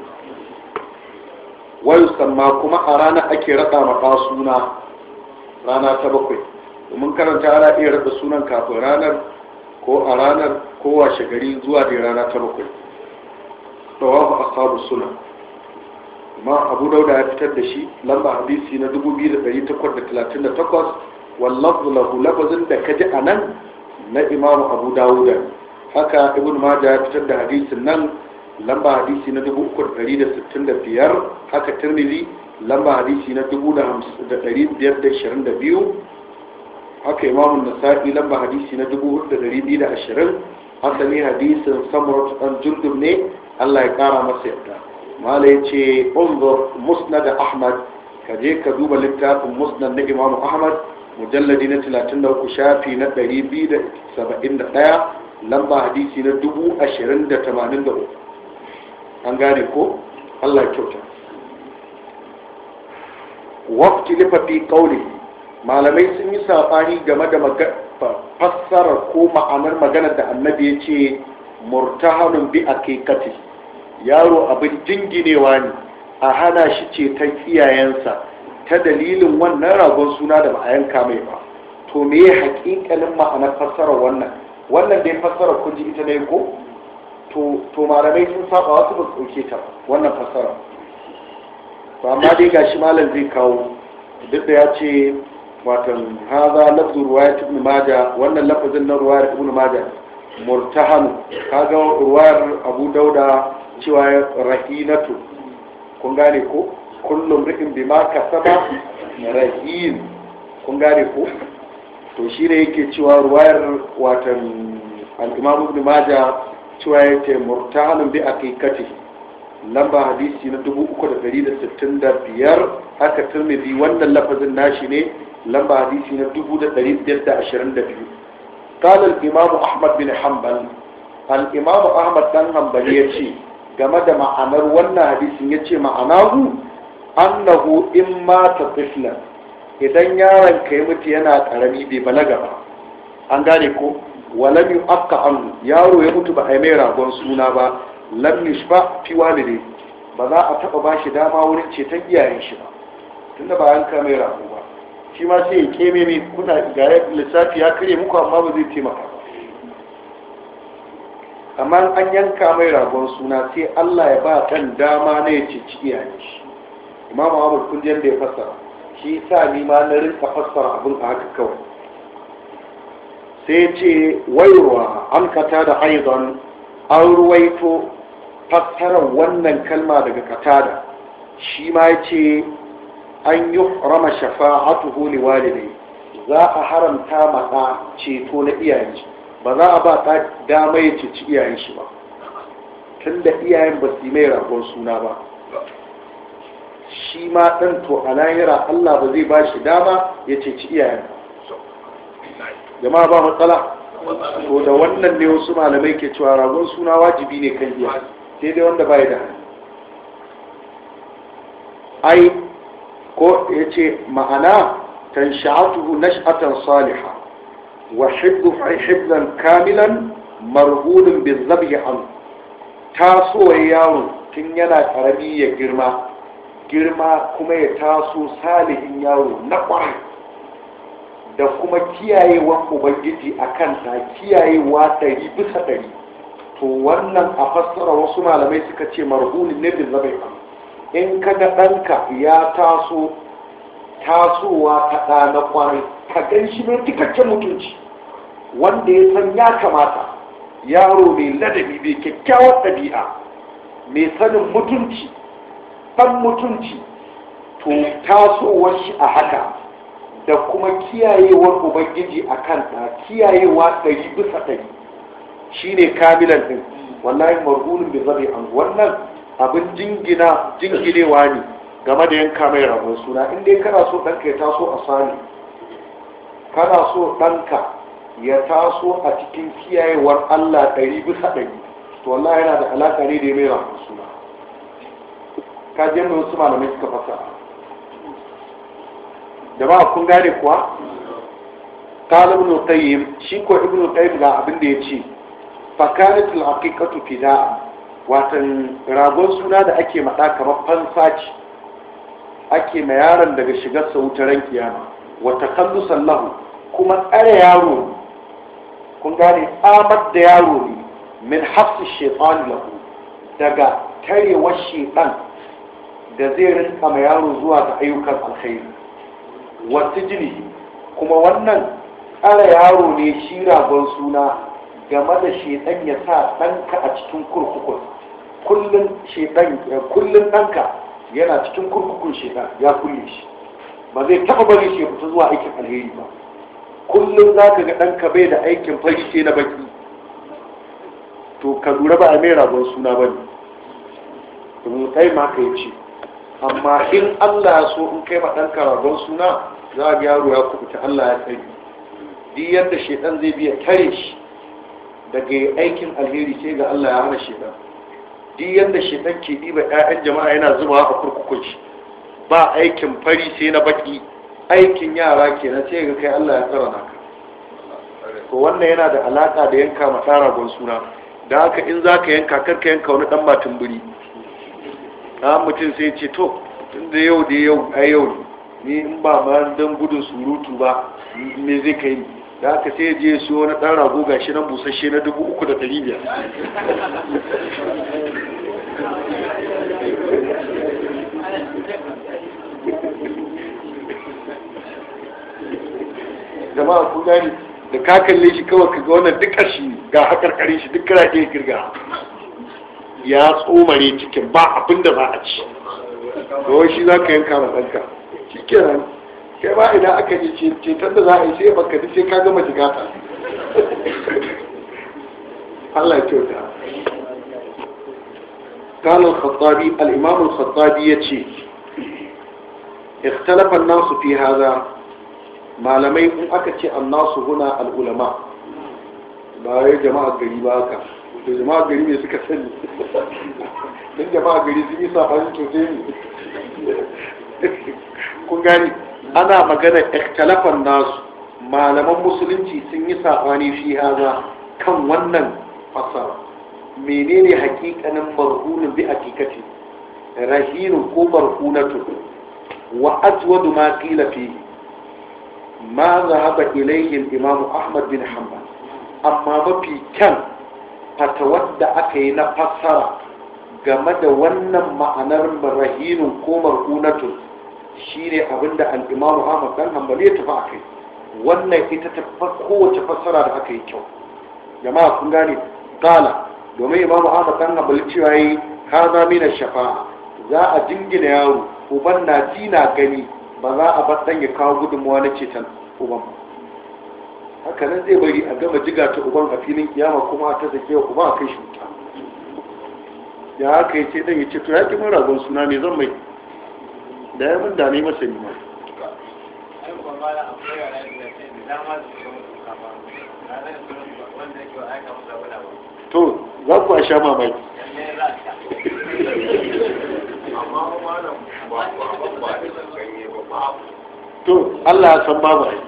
wayu samma kuma a rana ake raɗa maka suna rana ta bakwai domin karanta ana iya raɗa sunan kafin ranar ko a ranar ko washe gari zuwa da rana ta bakwai da wafa a sabu suna imam abu dauda ya fitar da shi lamba hadisi na 2838 wallahu lahu lafazin da kaji a nan na imam abu dauda haka ibn majah ya fitar da hadisin nan lamba hadisi na 3165 haka tirmidhi lamba hadisi na 1522 haka imam nasa'i lamba hadisi na 4220 asali hadisin samurat an jundub ne Allah ya kara masa yadda mala ya ce unzur da ahmad ka je ka duba littafin Musna na imamu ahmad mujalladi na 33 shafi na 271 lamba hadisi na 2083 an gane ko allah kyauta wafti lifafi kauli malamai sun yi safari game da fassarar ko ma'anar maganar da annabi ya ce murtahanun bi a kai yaro abin jinginewa ne a hana shi ce ta iyayensa ta dalilin wannan ragon suna da ba a yanka mai ba to me ya haƙiƙanin ma'anar fassarar wannan wannan dai fassarar kun ji ita ne ko to malamai sun saba wasu ba su ɗauke ta wannan fassara to amma dai gashi malam zai kawo duk da ya ce watan haza lafzu ruwaya ibn maja wannan lafzin na ruwaya ibn maja murtahanu kaga ruwayar abu dauda cewa rahinatu kun gane ko kullum rikin bi ma kasaba rahin kun gane ko to shi ne yake cewa ruwayar watan al-imam maja majah cewa yake murtahanun bi aqiqati lamba hadisi na 365 haka tirmidhi wannan lafazin nashi ne lamba hadisi na Kalar قال الإمام أحمد بن حنبل الإمام أحمد بن حنبل يقول game da ma'anar wannan hadisin ya ce ma'ana hu annahu in mata tiflan idan yaron ka yi mutu yana karami bai balaga ba an gane ko walam yu akka an yaro ya mutu ba a yi mai ragon suna ba lam ba fi walide ba za a taba bashi dama wurin ceton iyayen shi ba tunda ba an ka mai rago ba shi ma sai ya keme mai kuna ga lissafi ya kare muku amma ba zai taimaka amma an yanka mai ragon suna sai Allah ya ba ɗan dama na ya cici iyaye shi imamu ahmad kun yadda ya fasara shi sa ni ma na rinka fassara abin a haka kawai sai ce waiwa an kata da aizon an ruwaito fassarar wannan kalma daga katada shi ma ya ce an yi rama shafa'atuhu liwalidai za a haramta masa ceto na iyaye ba za a ba ta dama ya ceci iyayen shi ba tun da iyayen ba su mai ragon suna ba shi ma ɗan to a lahira allah ba zai ba shi dama ya ci iyayen jama'a ba matsala to da wannan ne wasu malamai ke cewa ragon suna wajibi ne kan iya sai dai wanda bai da ai ko ya ce ma'ana tan sha'atuhu nash'atan salihah وحب حبنا كاملا مرغول بالذبح عنه taso yaro tun yana karami ya girma girma kuma ya taso salihin yaro na da kuma kiyayewan ubangiji a kanta kiyayewa ɗari bisa ɗari to wannan a fassara wasu malamai suka ce marhulin ne bin zabai in kaga ɗanka ya taso tasowa ta ɗa na kwarai ka gan shi mai cikakken mutunci wanda ya san ya kamata yaro mai ladabi mai kyakkyawar ɗabi'a mai sanin mutunci ɗan mutunci to tasowar shi a haka da kuma kiyayewar ubangiji a kan ta kiyayewa ɗari bisa ɗari shi ne kamilan ɗin wallahi marhunin da zabe an wannan abin jingina jinginewa ne game da yanka mai rabon suna in dai kana so ɗanka ya taso a sami. kana so ɗanka ya taso a cikin kiyayewar Allah ɗari bisa ɗari to wallahi yana da alaƙa ne da ya mai rahama suna ka je mai wasu malamai suka fasa da ba kun gane kuwa qala ibn qayyim shi ko ibn qayyim ga abin da yace fa kanat al haqiqatu da watan ragon suna da ake maɗa kamar fansa ce ake ma yaron daga shigar sa wutar kiyama wa takhallusan lahu kuma tsare yaro ne kun gane tsamar da yaro ne min hafsu shekwan lahu daga tarewar shekwan da zai rinka ma yaro zuwa ga ayyukan alkhairi wasu jini kuma wannan tsare yaro ne shi ragon suna game da shekwan ya sa ɗanka a cikin kurkukun kullum ya eh, kullum ɗanka yana cikin kurkukun shekwan ya kulle shi ba zai taɓa bari shi ya fita zuwa aikin alheri ba kullum za ka ga ɗanka bai da aikin fari na baki to ka lura ba a mai ragon suna ba ne domin kai ma ka yi ce amma in allah so in kai ma ɗanka ragon suna za a yaro ya kubuta allah ya tsari duk yadda shaidan zai biya tare shi daga aikin alheri sai ga allah ya hana shaidan duk yadda shaidan ke ɗiba 'ya'yan jama'a yana zubawa a kurkukun shi ba aikin fari sai na baki aikin yara kenan sai ga kai Allah ya tsara ka ko wannan yana da alaƙa da yanka ma tsara suna da haka in zaka yanka karka yanka wani ɗan batun buri na mutum sai ce to tun da yau da yau a yau ni in ba ma don gudun surutu ba me zai kai ni da haka sai je su wani ɗan rago shi nan busasshe na dubu uku da ɗari biyar jama'a ku gani da ka kalle shi kawai ga wannan duk shi ga haƙarƙarin shi duk kira ke girga ya tsomare cikin ba abin da za a ci kawai shi za ka yanka ma ɗanka Cikin nan kai ba idan aka yi ceton da za a yi sai baka ji sai ka gama shiga ta Allah ya kyauta قال الخطابي الإمام الخطابي يتشي اختلف الناس في هذا malamai in aka ce annasu huna al'ulama ba yi jama'a gari ba haka da jama'a gari ne suka sani don jama'a gari sun yi sabanin tote ne kun gani ana magana ikhtalafan nasu malaman musulunci sun yi sabani shi haza kan wannan fasara menene hakikanin marhunin bi hakikati rahinu ko barhunatu wa ajwadu ma qila fihi ma zahaba ilayhi imam ahmad bin hanbal amma mafi kyan fatawar da aka yi na fassara game da wannan ma'anar rahinun ko markunatun shine abinda al-imam ahmad dan hanbal ya tafi akai wannan ita ta kowace fassara da aka yi kyau jama'a kun gane qala domin imamu ahmad dan hanbal cewa kaza mina shafa'a za a jingina yaro uban na ji na gani ba za a bar ɗan ya kawo gudunmawa na ceton uban haka nan zai bari a gama jiga ta uban a filin kiyama kuma ta zakewa wa uban a kai shi wuta ya haka ya ce ɗan ya ce to ya ki mun ragon suna ne zan mai da ya mun dame masa ne ma to za ku a sha mamaki to Allah ya san babu eh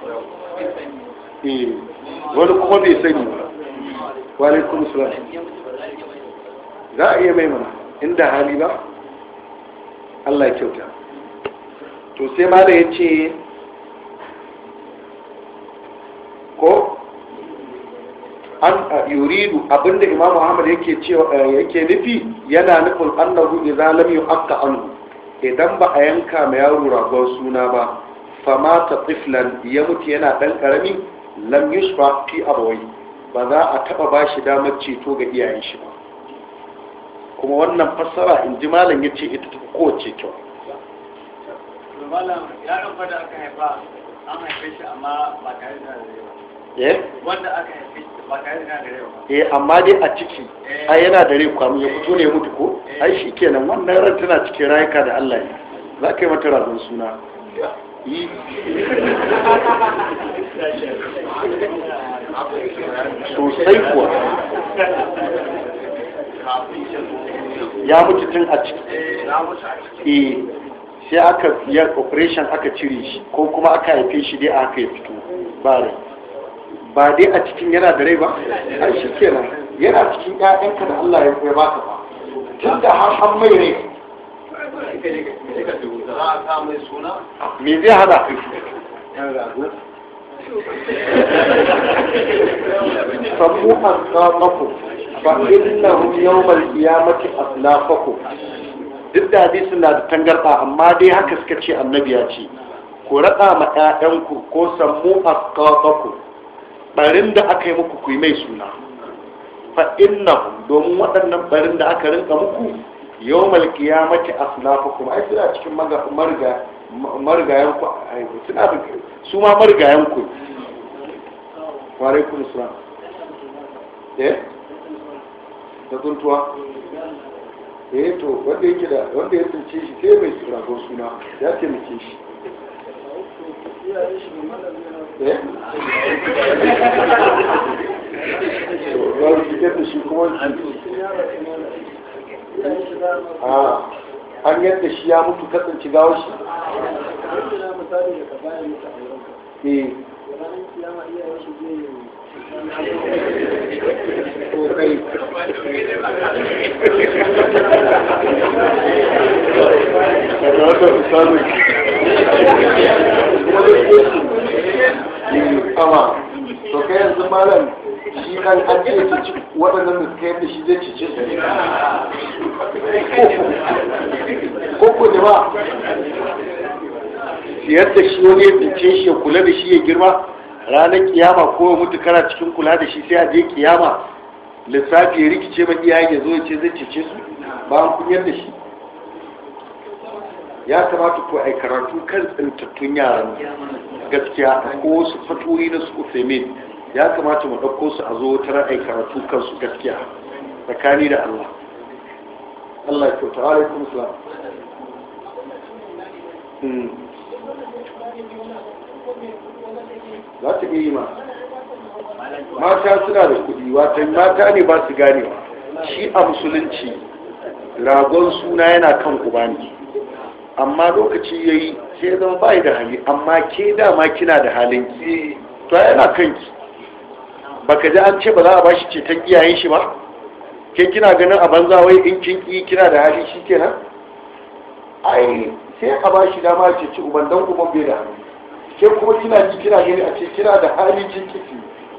wani kuma bai sani ba wa alaikum salam za a iya mai mana inda hali ba Allah ya kyauta to sai ma da ya ce ko an yuridu abinda imam muhammad yake cewa eh, yake nufi yana nufin annahu idza lam yu'aqqa anhu idan ba a yanka ma yaro ragon suna ba fama ta tiflan ya mutu yana dan karami lam yushfa fi abawai ba za a taba bashi damar ceto ga iyayen shi ba kuma wannan fassara in ji malam ya ce ita ta kowace kyau wanda aka haife shi eh amma dai a ciki ai yana da rai kwamu ya fito ne ya mutu ko ai shi kenan wannan ran tana cikin rayuka da Allah ne za ka yi mata razon suna sosai kuwa ya mutu tun a ciki eh, sai aka yi operation aka cire shi ko kuma aka haife shi dai aka ya fito ba rai ba dai a cikin yana da rai ba a shi kenan yana cikin ƴaƴanka da Allah ya koya baka ba tun da har an mai rai me zai hada sabu asnaqakum fa innahum yawm al-qiyamati asnaqakum duk da hadisin na da tangarda amma dai haka suka ce annabi ya ce ku raɗa ma 'ya'yanku ko sammu asqaqakum barin da aka yi muku ku yi mai suna fa inna domin waɗannan barin da aka rinka muku yau ya mace a asnafa kuma ai suna cikin marigayen ku suna su ma marigayen ku ware suna eh da tuntuwa eh to wanda yake da wanda ya tsince shi sai mai rago suna ya taimake shi Eh? an yadda shi ya mutu kasance gawa shi eh. Amma, to kai yanzu malam shi nan an ce waɗannan da suka yadda shi zai ci su ko ko ne ba yadda shi wani ya cice shi ya kula da shi ya girma ranar kiyama ko mutu kana cikin kula da shi sai a je kiyama lissafi ya rikice ba iya ya zo ya ce zai cece su ba an kunyar da shi ya kamata ko a karatu kan tsintattun yaran gaskiya ko wasu fatoyi na su femin ya kamata mu ɗauko su a zo ta ra'ayi karatu su gaskiya tsakani da Allah Allah ya kyauta wa alaikum salam Mm. za ta iya yi ma mata suna da kuɗi watan mata ne ba su gane. shi a musulunci ragon suna yana kan uba amma lokaci ya yi sai zan bayi da hali amma ke dama kina da halin ki to yana kanki baka ji an ce ba za a bashi ceton iyayen shi ba ke kina ganin a banza wai in kin ki kina da hali shi kenan ai sai a bashi dama ce ci uban dan bai da hali sai kuma kina ji kina gani a ce kina da hali kin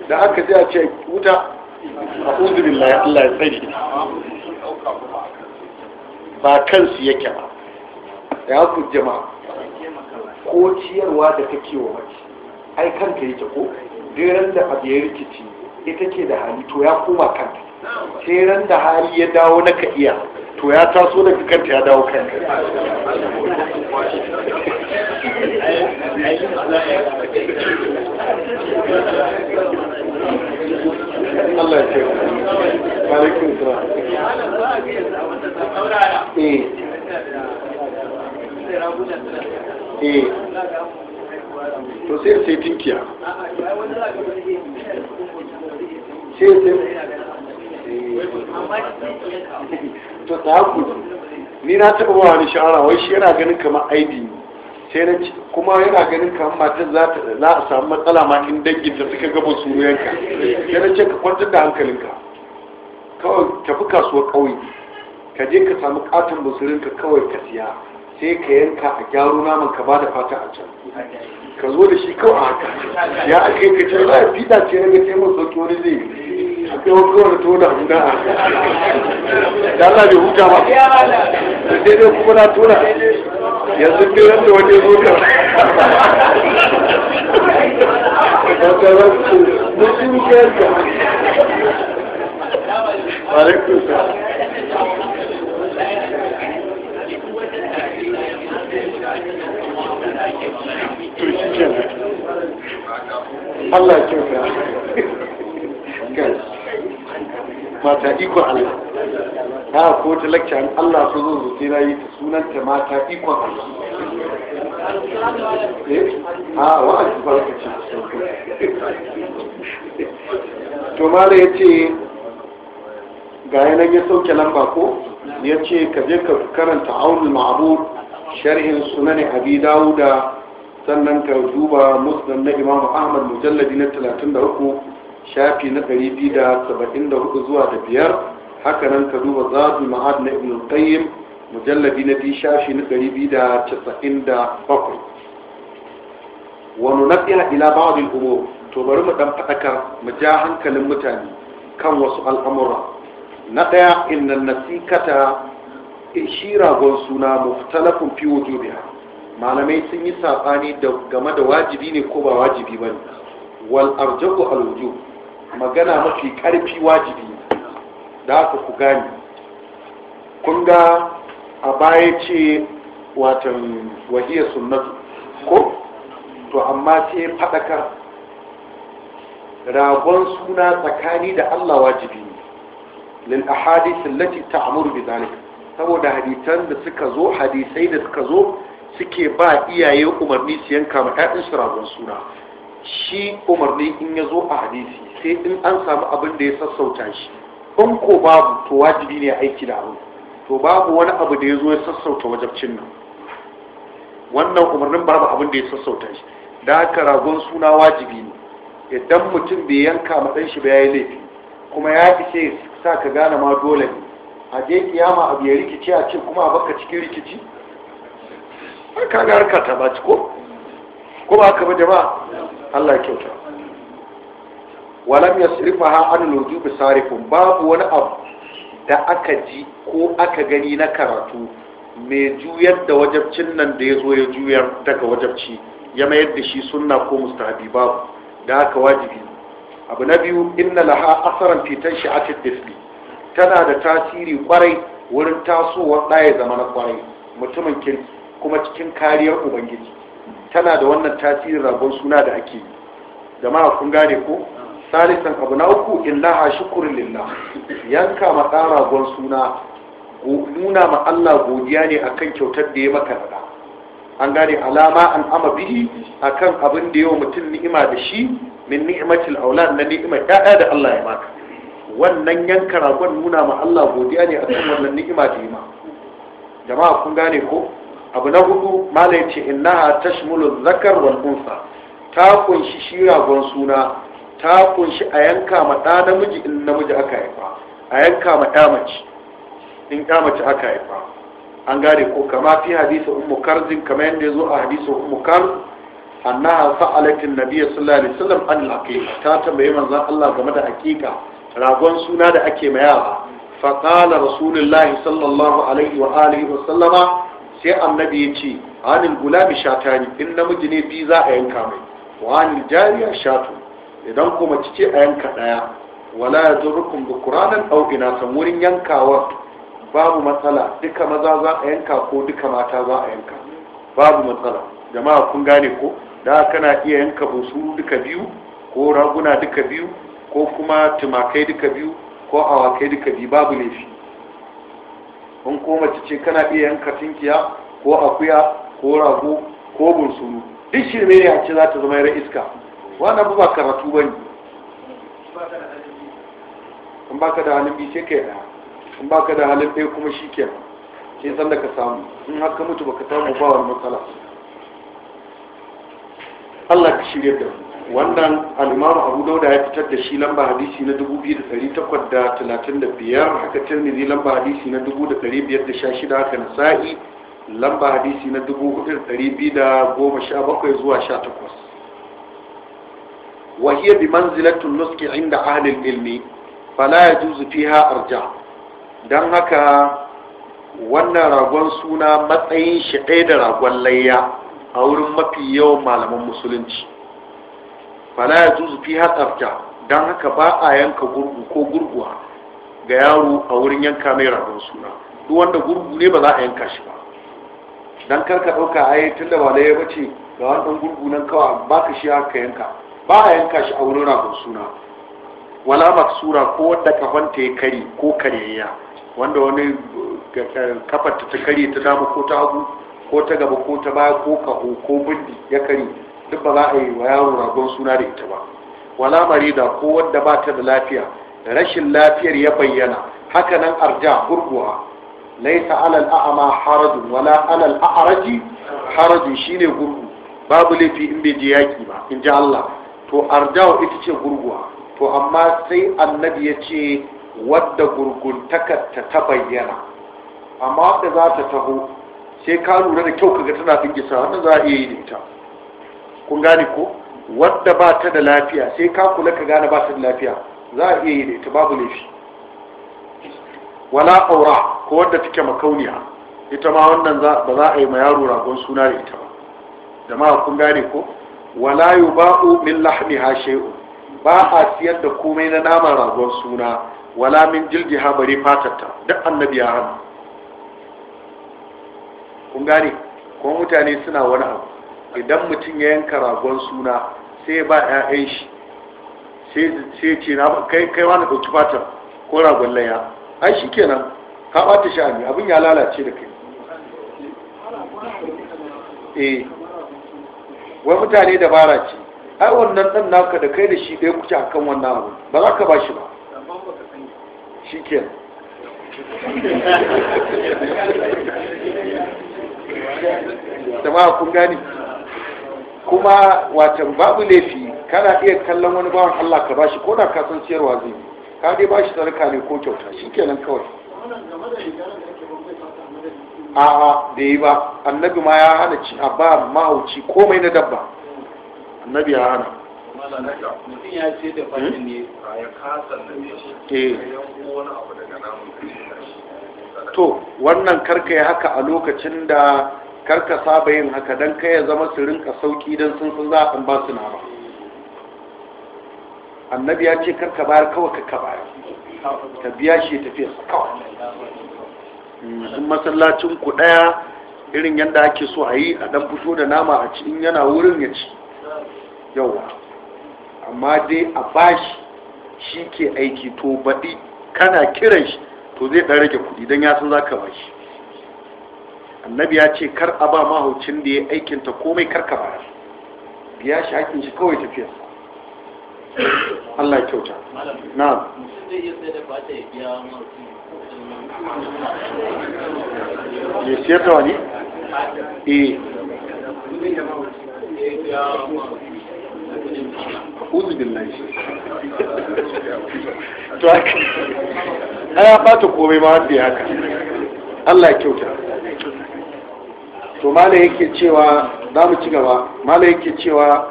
da aka je a ce wuta a uzu Allah ya ba kansu yake ba ya ku jama ko ciyarwa da kake wa mace ai kanka yake ko ran da abu ya rikici ita ke da hali to ya koma kanta sai da hali ya dawo naka iya to ya taso daga kanta ya dawo kan Allah ya ce eh. Eh. to sai sai tinkiya sai sai to ta haku ni na taɓa ba wani shawara wai shi yana ganin kamar aibi ne sai na ci kuma yana ganin kamar matar za za a samu matsala ma in dangin ta suka gaba suruyanka sai na ce ka kwantar da hankalinka kawai tafi kasuwar ƙauye ka je ka samu katon musulunka kawai ka siya sai ka yanka a gyaro naman ka bada fata a can ka zo da shi kawai a haka ya a kai ka can za a fi ce na ga taimakon sauki wani zai yi akwai kawai da tona huna da Allah bai huta ba da kuma na tona yanzu ne wanda wani ya zo da wata rasu mutum Allah kyauta mata ikon Allah ta ko ta lakcan Allah su zo zuci na yi ta sunanta mata ikon Allah eh? a wa'azi ba ka ce to mala ya ce ga yanayin ya sauke lamba ko ya ce ka je ka karanta aunul ma'abur sharhin sunan abi dawuda sannan ka duba musnad na imam ahmad mujalladi na 33 shafi na 274 zuwa da biyar hakanan ka duba zazu ma'ad na ibn qayyim mujalladi na biyu shafi na 297 wani nafiya ila ba'adin umur to bari mu dan fadakar mu ja hankalin mutane kan wasu al'amura na daya inna nasikata shi ragon suna muftalafin fi wujubiha malamai sun yi sabani game da wajibi ne ko ba wajibi bane wal arjahu al wujub magana mafi karfi wajibi da aka ku gani kun ga a baya ce watan wahiyar sunnatu ko to amma sai faɗakar ragon suna tsakani da allah wajibi ne lil ahadisin lati ta'amuru bi zalik saboda hadisan da suka zo hadisai da suka zo suke ba iyaye umarni su yanka ma su ragon suna shi umarni in ya zo a hadisi sai in an samu abin da ya sassauta shi in ko babu to wajibi ne aiki da abu to babu wani abu da ya zo ya sassauta wajabcin nan wannan umarnin babu abin da ya sassauta shi da haka ragon suna wajibi ne idan mutum bai yanka ma shi ba yi laifi kuma ya fice sa ka gane ma dole ne a je kiyama abu ya rikici a ce kuma a baka cikin rikici har ka ga harka ta ba ko ko ba haka ba jama'a Allah ya kyauta walam yasrifaha an al-wujub babu wani abu da aka ji ko aka gani na karatu mai juyar da wajabcin nan da ya zo ya juyar daga wajabci ya mayar da shi sunna ko mustahabi babu da aka wajibi abu na biyu inna laha asaran fitan sha'atin disli tana da tasiri kwarai wurin tasowar ɗaya zama na kwarai mutumin kirki kuma cikin kariyar ubangiji tana da wannan tasirin rabon suna da ake yi jama'a kun gane ko salisan abu na uku illaha shukurin lillah yanka ma ragon suna nuna ma Allah godiya ne akan kyautar da ya maka nada an gane alama an ama bihi akan abin da yawa mutum ni'ima da shi min ni'imatil aulad na ni'imar ƴaƴa da Allah ya maka wannan yanka ragon nuna ma Allah godiya ne akan wannan ni'ima da ya ma jama'a kun gane ko abu na hudu malai ce innaha tashmulu zakar wal unsa ta kunshi shi ragon suna ta kunshi a yanka ma ɗa namiji in namiji aka haifa a yanka ma ɗa mace in ɗa mace aka haifa an gane ko kama fi hadisa ummu karzin kama yadda ya zo a hadisa ummu karzin annaha sa'alatin nabiyyi sallallahu alaihi wasallam an al-aqiqa ta tambaye manzon Allah game da aqiqa ragon suna da ake mayawa fa qala rasulullahi sallallahu alaihi wa alihi wa sallama sai annabi ya ce anil gulabi shatani in namiji ne bi za a yanka mai wa anil jariya shatu idan kuma cice a yanka ɗaya wala ya zo rukun bukuranin aukina san wurin yankawa babu matsala duka maza za a yanka ko duka mata za a yanka babu matsala jama'a kun gane ko da kana iya yanka busu duka biyu ko raguna duka biyu ko kuma tumakai duka biyu ko awakai duka biyu babu laifi in koma cice kana iya yanka tinkiya ko akuya ko rago ko bunsuru duk shirme ne a ce za ta zama yar iska wannan ba karatu ba ne in ba ka da halin biyu sai ka yana in ba ka da halin ɗaya kuma shi ke sai san da ka samu in haka mutu ba ka samu ba wani matsala Allah ka shirya da wannan al'imamu abu dauda ya fitar da shi lamba hadisi na 2835 haka tirmidhi lamba hadisi na 2516 haka nasa'i lamba hadisi na 4217 zuwa 18 wa hiya bi manzilatin nuski inda ahlil ilmi fala yajuzu fiha arja dan haka wannan ragon suna matsayin shi da ragon layya a wurin mafi yawan malaman musulunci fala yajuzu fiha arja dan haka ba a yanka gurgu ko gurguwa ga yaro a wurin yanka mai ragon suna duk wanda gurgu ne ba za a yanka shi ba dan karka ɗauka ai tunda ba layya bace ga wani ɗan gurgu nan kawai baka shi haka yanka ba a yanka shi a wurin ragon suna wala maksura ko wadda kafanta ya kari ko karyayya wanda wani kafarta eh, ta kari ta dama ko ta hagu ko ta gaba ko ta baya ko kaho ko bindi ya kari. duk ba za a yi wa yaro ragon suna da ita ba wala marida ko wadda ba ta da lafiya rashin lafiyar ya bayyana hakanan arja gurguwa laisa alal a'ama harajun wala alal a'araji harajun shine gurgu babu laifi in bai je yaki ba in ji Allah to ardawa ita ce gurguwa to amma sai annabi ya ce wadda gurguntakar ta ta bayyana amma wadda za ta taho sai ka lura da kyau kaga tana gisa wannan za a iya yi da ita kun gane ko wadda ba ta da lafiya sai ka kula ka gane ba ta da lafiya za a iya yi da ita babu laifi wala aura ko wadda take makauniya ita ma wannan ba za a yi ma yaro ragon suna da ita ba da ma kun gane ko wala ba'u min ha shay'un ba a siyar da komai na nama ragon suna wala min jildiha bari fatarta duk annabi ya hana kun gane kuma mutane suna wani abu idan mutum ya yanka ragon suna sai ba 'ya'yan shi sai ce na kai kai wani ɗauki fatar ko ragon laya ai shi kenan ka ɓata sha'ani abin ya lalace da kai eh. wai mutane da bara ce ai wannan dan naka da kai da shi ɗaya kuce akan wannan abu ba za ka ba shi ba shi ke kun gani kuma watan babu laifi kana iya kallon wani bawan Allah ka bashi ko da ka san siyarwa zai ka dai bashi sadaka ne ko kyauta shikenan kawai a'a da yi ba annabi ma ya hana ci a ba mahauci komai na dabba annabi ya hana mutum ya ce da fashin hmm? ne ya kasa na eh. to wannan karka ya haka a lokacin da karka saba yin haka don kai ya zama su rinka sauki don sun sun za a ba su nama annabi ya ce karka bayar kawai ka bayar ka biya shi su kawai in masallacin ku daya irin yadda ake so a yi a ɗan fito da nama a ci in yana wurin ya ci yawa amma dai a bashi shi ke aiki to baɗi kana kiran shi to zai ɗan rage kuɗi don ya san za ka bashi annabi ya ce kar a ba mahaucin da ya aikinta komai kar ka bayar biya shi hakin shi kawai tafiya Allah kyauta na iya sai da fata ya biya mahaucin ya es cierto Y to bata komai ma wanda ya haka Allah ya kyauta to mala yake cewa za mu ci gaba mala yake cewa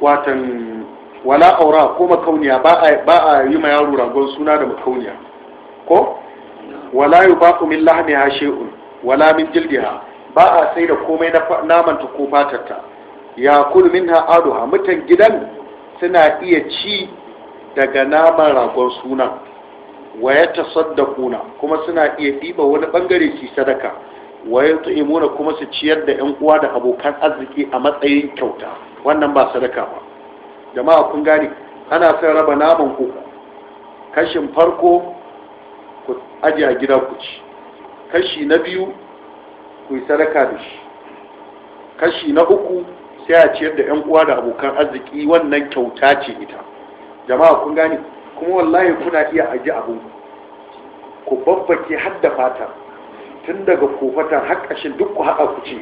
watan wala aura ko makauniya ba a yi ma yaro ragon suna da makauniya ko wala yubaqu min ha shay'un wala min jildiha ba a sai da komai na naman ko fatarta ya kulu minha aduha mutan gidan suna iya ci daga naman ragon sunan waya tasaddaquna kuma suna iya ɗiba wani bangare ci sadaka waya tu'imuna kuma su ciyar da yan uwa da abokan arziki a matsayin kyauta wannan ba sadaka ba jama'a kun gane ana son raba naman ku kashin farko ku aje a gida ku ci kashi na biyu ku yi sadaka da shi kashi na uku sai a ciyar da 'yan uwa da abokan arziki wannan kyauta ce ita jama'a kun gane kuma wallahi kuna iya aji abu ku babbake har da fata tun daga kofatan har ƙashin duk ku haɗa ku ce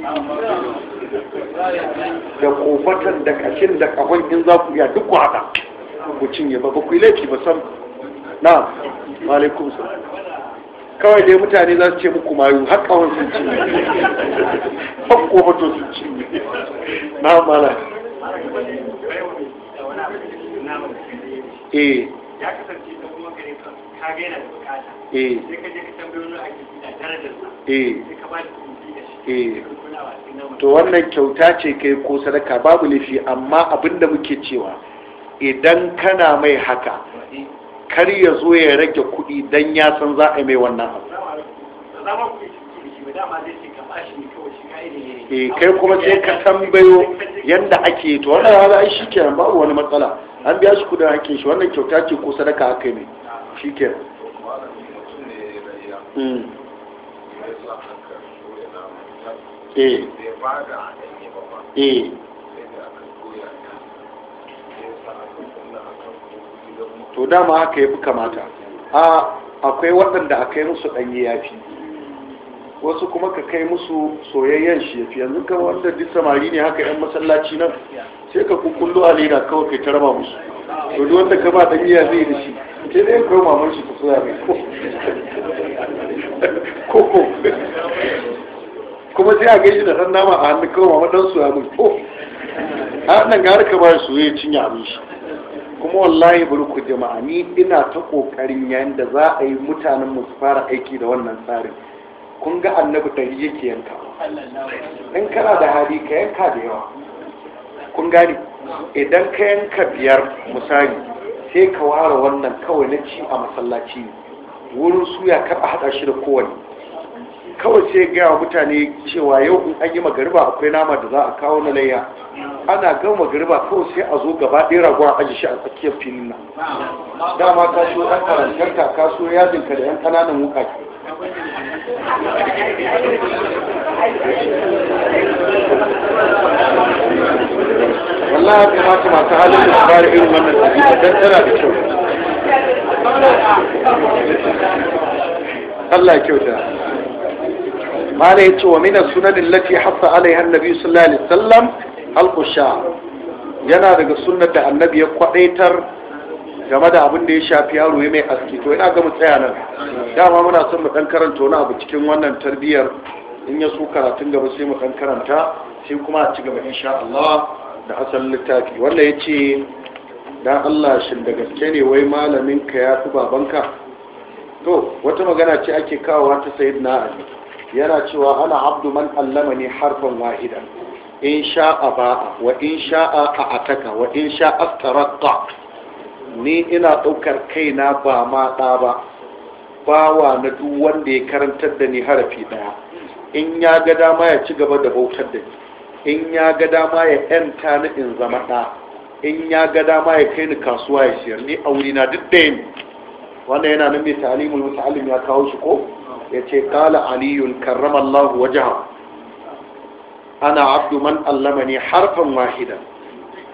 da kofatan da ƙashin da ƙahon in za ku iya duk ku haɗa ku cinye ba ba ku yi laifi ba san na malikun su kawai dai mutane za su ce muku mayu haka eh. eh. wani sun ci har hoto sun ci na mala eh, eh. to wannan kyauta ce kai ko sadaka babu lafi amma abinda muke cewa idan kana mai haka kar ya zo ya rage kuɗi dan ya san za a mai wannan abu e kai kuma sai ka tambayo yadda ake to wannan shi ai shikenan babu wani matsala an biya shi kudin hakin shi wannan kyauta ce ko sadaka aka yi ne shikenan hmm. eh eh to dama haka ya fi kamata a akwai waɗanda a kai musu ɗanye ya fi wasu kuma ka kai musu soyayyen shi ya fi yanzu kama wanda duk samari ne haka yan masallaci nan sai ka kukullo a lera kawai kai ta raba musu to duk wanda ka ba ɗanye ya zai da shi sai dai kawai maman shi ta soya mai koko kuma sai a gaishe da ɗan nama a hannu kawai maman ɗan soya mai ko a nan gara ka ba soyayya cinya abin shi kuma wallahi bari ku jama'a ni ina ta kokarin yayin da za a yi mutanen mu su fara aiki da wannan tsarin kun ga annabi dari yake yanka in kana da hali ka yanka da yawa kun gani idan ka yanka biyar misali sai ka ware wannan kawai na ci a masallaci ne wurin suya kar a haɗa shi da kowane kawai sai gaya mutane cewa yau in an yi magariba akwai nama da za a kawo na layya ana gama magariba kawai sai a zo gaba ɗaya ragon a aji shi a tsakiyar filin nan dama ka so ɗan karantarka ka so ka da 'yan ƙananan wuka ke wallah ya kamata masu halin da fara irin wannan ɗabi'a don tana da kyau Allah kyauta ما ya ce من السنن التي حث عليها النبي صلى الله عليه وسلم yana daga sunnar da annabi ya kwadaitar game da abin da ya shafi yaro ya mai aski to ina ga mu tsaya nan dama muna son mu dan karanta wani abu cikin wannan tarbiyyar in ya so karatun gaba sai mu dan karanta sai kuma a ci gaba insha Allah da asalin littafi wanda yace dan Allah shin da gaske ne wai malamin ka ya fi babanka to wata magana ce ake kawowa ta sayyidina Ali yana cewa ana abdu man allama ne harfan wahida in sha'a ba'a wa in sha'a a ataka wa in sha'a taraqqa ni ina ɗaukar kaina ba ma ɗa ba bawa na duk wanda ya karantar da ni harafi ɗaya. in ya ga dama ya ci gaba da bautar da ni in ya ga dama ya yanta ni in zama ɗa. in ya ga dama ya kai ni kasuwa ya siyar ni wuri na duk da ne. wannan yana nan mai ta'alimul muta'allim ya kawo shi ko ya ce kala aliyun karramallahu wajaha ana abdu man allamani harfan wahida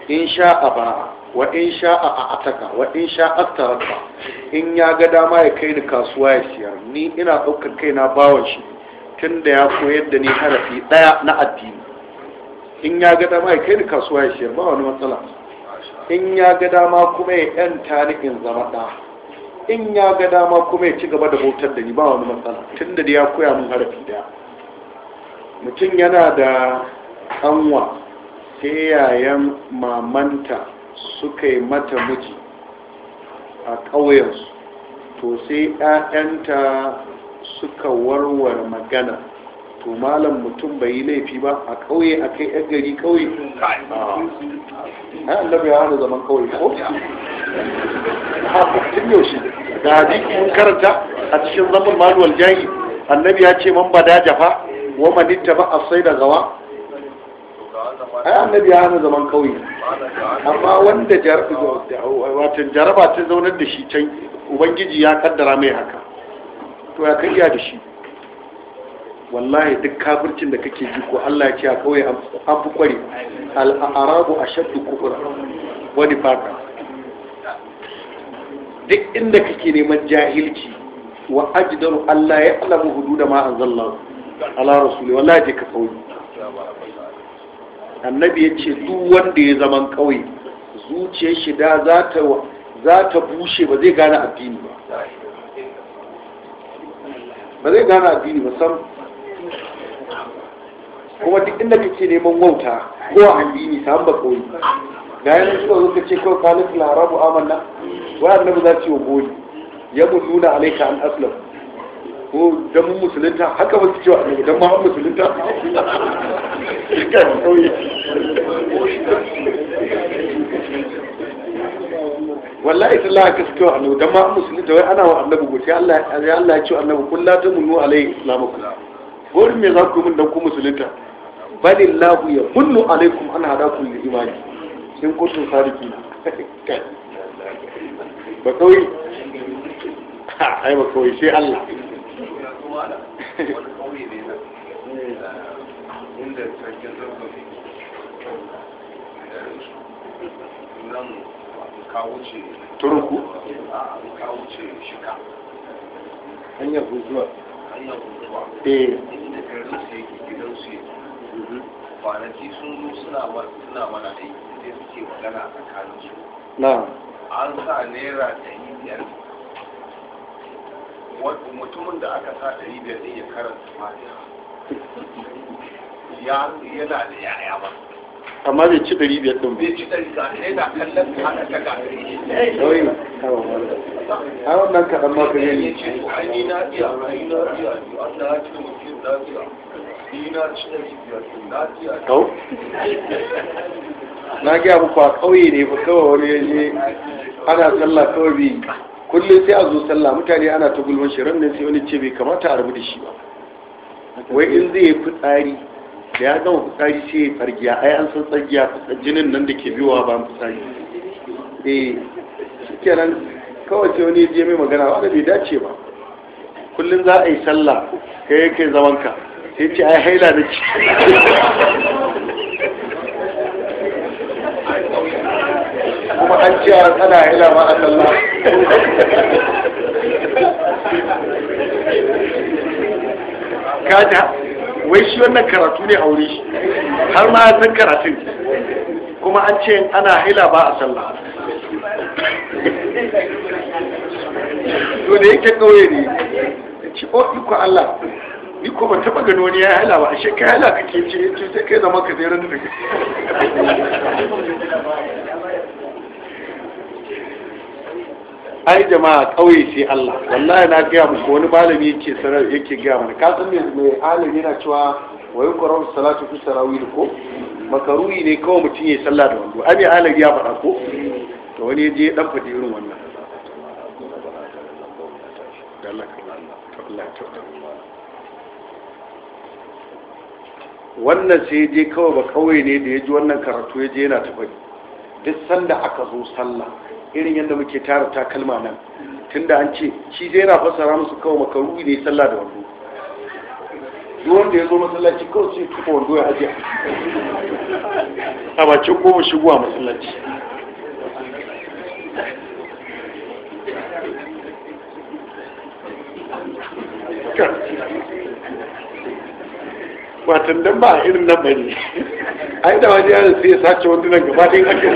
in sha'a ba'a wa in sha'a a ataka wa in sha'a taraka in ya ga dama ya kai ni kasuwa ya siyar ni ina ɗaukar kaina bawan shi tun da ya koyar da ni harafi ɗaya na addini in ya ga dama ya kai ni kasuwa ya siyar ba wani matsala in ya ga dama kuma ya yanta ni in zama ɗa in ya ga dama kuma ya ci gaba da bautar da ni ba wani matsala tun da ya koya min harafi daya mutum yana da ƙanwa sai yayan mamanta suka yi mata miji a ƙauyensu to sai 'ya'yanta suka warware magana to malam mutum bai yi laifi ba a ƙauye a kai ƴan gari ƙauye a ah, annabi ya hana zaman ƙauye ko ha tun yaushe ga hadisi mun karanta a cikin zaman manuwal jahi annabi ya ce man bada jafa wa man ba asai da gawa ai annabi ya hana zaman kauye amma wanda jaraba ta zaunar da shi can ubangiji ya kaddara mai haka to ya kai da shi wallahi duk kafircin da kake ji ko Allah ya ce a kauye an fi kware al'arabu ashaddu kufra wani fata duk inda kake neman jahilci wa ajdaru Allah ya alamu da ma zallar ala rasuli wallahi je ka kawai annabi ya ce duk wanda ya zaman kawai, zuciyar shi da za ta bushe ba zai gane addini ba ba zai gane addini ba sam kuma duk inda kake neman wauta ko addini ta hamba kawai ga yanzu suka zo ka ce kawai nufi larabu amanna wa annabi za ce wa goyi ya mun nuna alaika an aslam ko dan mu musulunta haka ba su cewa annabi dan ma an musulunta wallahi ta la haka su cewa annabi dan ma an musulunta wai ana wa annabi gote Allah ya Allah ya ce annabi ta mu nuna islamu islamakum gori me za ku mun dan ku musulunta balillahu ya munnu alaikum an hada lil imani cikin kotun sariki ba kawai ai ba kawai sai Allah turku hanyar guzuwa eh. hanyar guzuwa eh inda sun suna mana aiki sai suke magana a an sa naira ɗari biyar mutumin da aka sa ɗari biyar ɗin ya karanta fatiha ya yana da yaya ba amma bai ci ɗari biyar ɗin ba bai ci ɗari ga ɗaya da kallon ka haka ta ga ɗari a wannan kaɗan ma yi ne ce na iya na iya na iya Na gaya muku a ƙauye ne ba kawai wani ya je ana sallah kawai bi kullum sai a zo sallah mutane ana ta gulman shi ne sai wani ce bai kamata a rabu da shi ba. Wai in zai yi fitsari da ya gama fitsari sai ya fargiya ai an san tsagiya jinin nan da ke biyowa ba fitsari. Eh, shi kenan kawai sai wani ya je mai magana wanda bai dace ba. Kullum za a yi sallah kai kai zamanka. sai ce ai haila da ci kuma an ce a tsada haila ma a sallah kaja wai shi wannan karatu ne aure wuri har ma san karatun kuma an ce ana haila ba a sallah to da yake kauye ne ci o oh, iko Allah ni ko ban taba gano ni ya hala ba ashe kai hala kake ce ce sai kai zama ka zai da ai jama'a kauye sai Allah wallahi na gaya muku wani malami yake sarar yake gaya mu ka san me mai alim yana cewa wayu qur'an salatu fi tarawih ko makaruhi ne kawai mutum ya sallah da wando ai alim ya faɗa ko to wani je dan fadi irin wannan Allah ka Allah ka wannan sai je kawai ba kawai ne da ya ji wannan karatu ya je yana tafari duk sanda aka zo sallah irin yadda muke tara takalma nan tunda an ce shi zai yana fassara musu kawai makaru ne sallah da wando duk wanda ya zo masallaci kawai sai tuka wando ya ajiya a bakin goma shigowa masallaci Thank watan dan ba irin nan bane ai da wani yaron sai ya sace wani nan gaba ɗin ake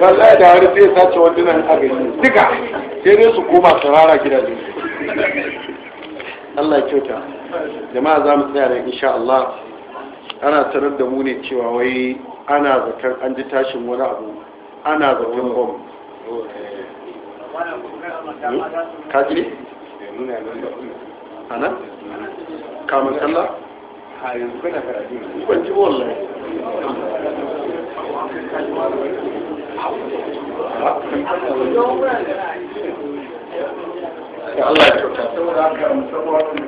wallahi da wani sai sace wani nan a gari duka sai dai su koma su rara gidaje Allah ya kyauta jama'a za mu tsaya da insha Allah ana tarar da mu ne cewa wai ana zaton an ji tashin wani abu ana zaton bom ka ji ne ana kamun sallah ban ji wallahi Allah ya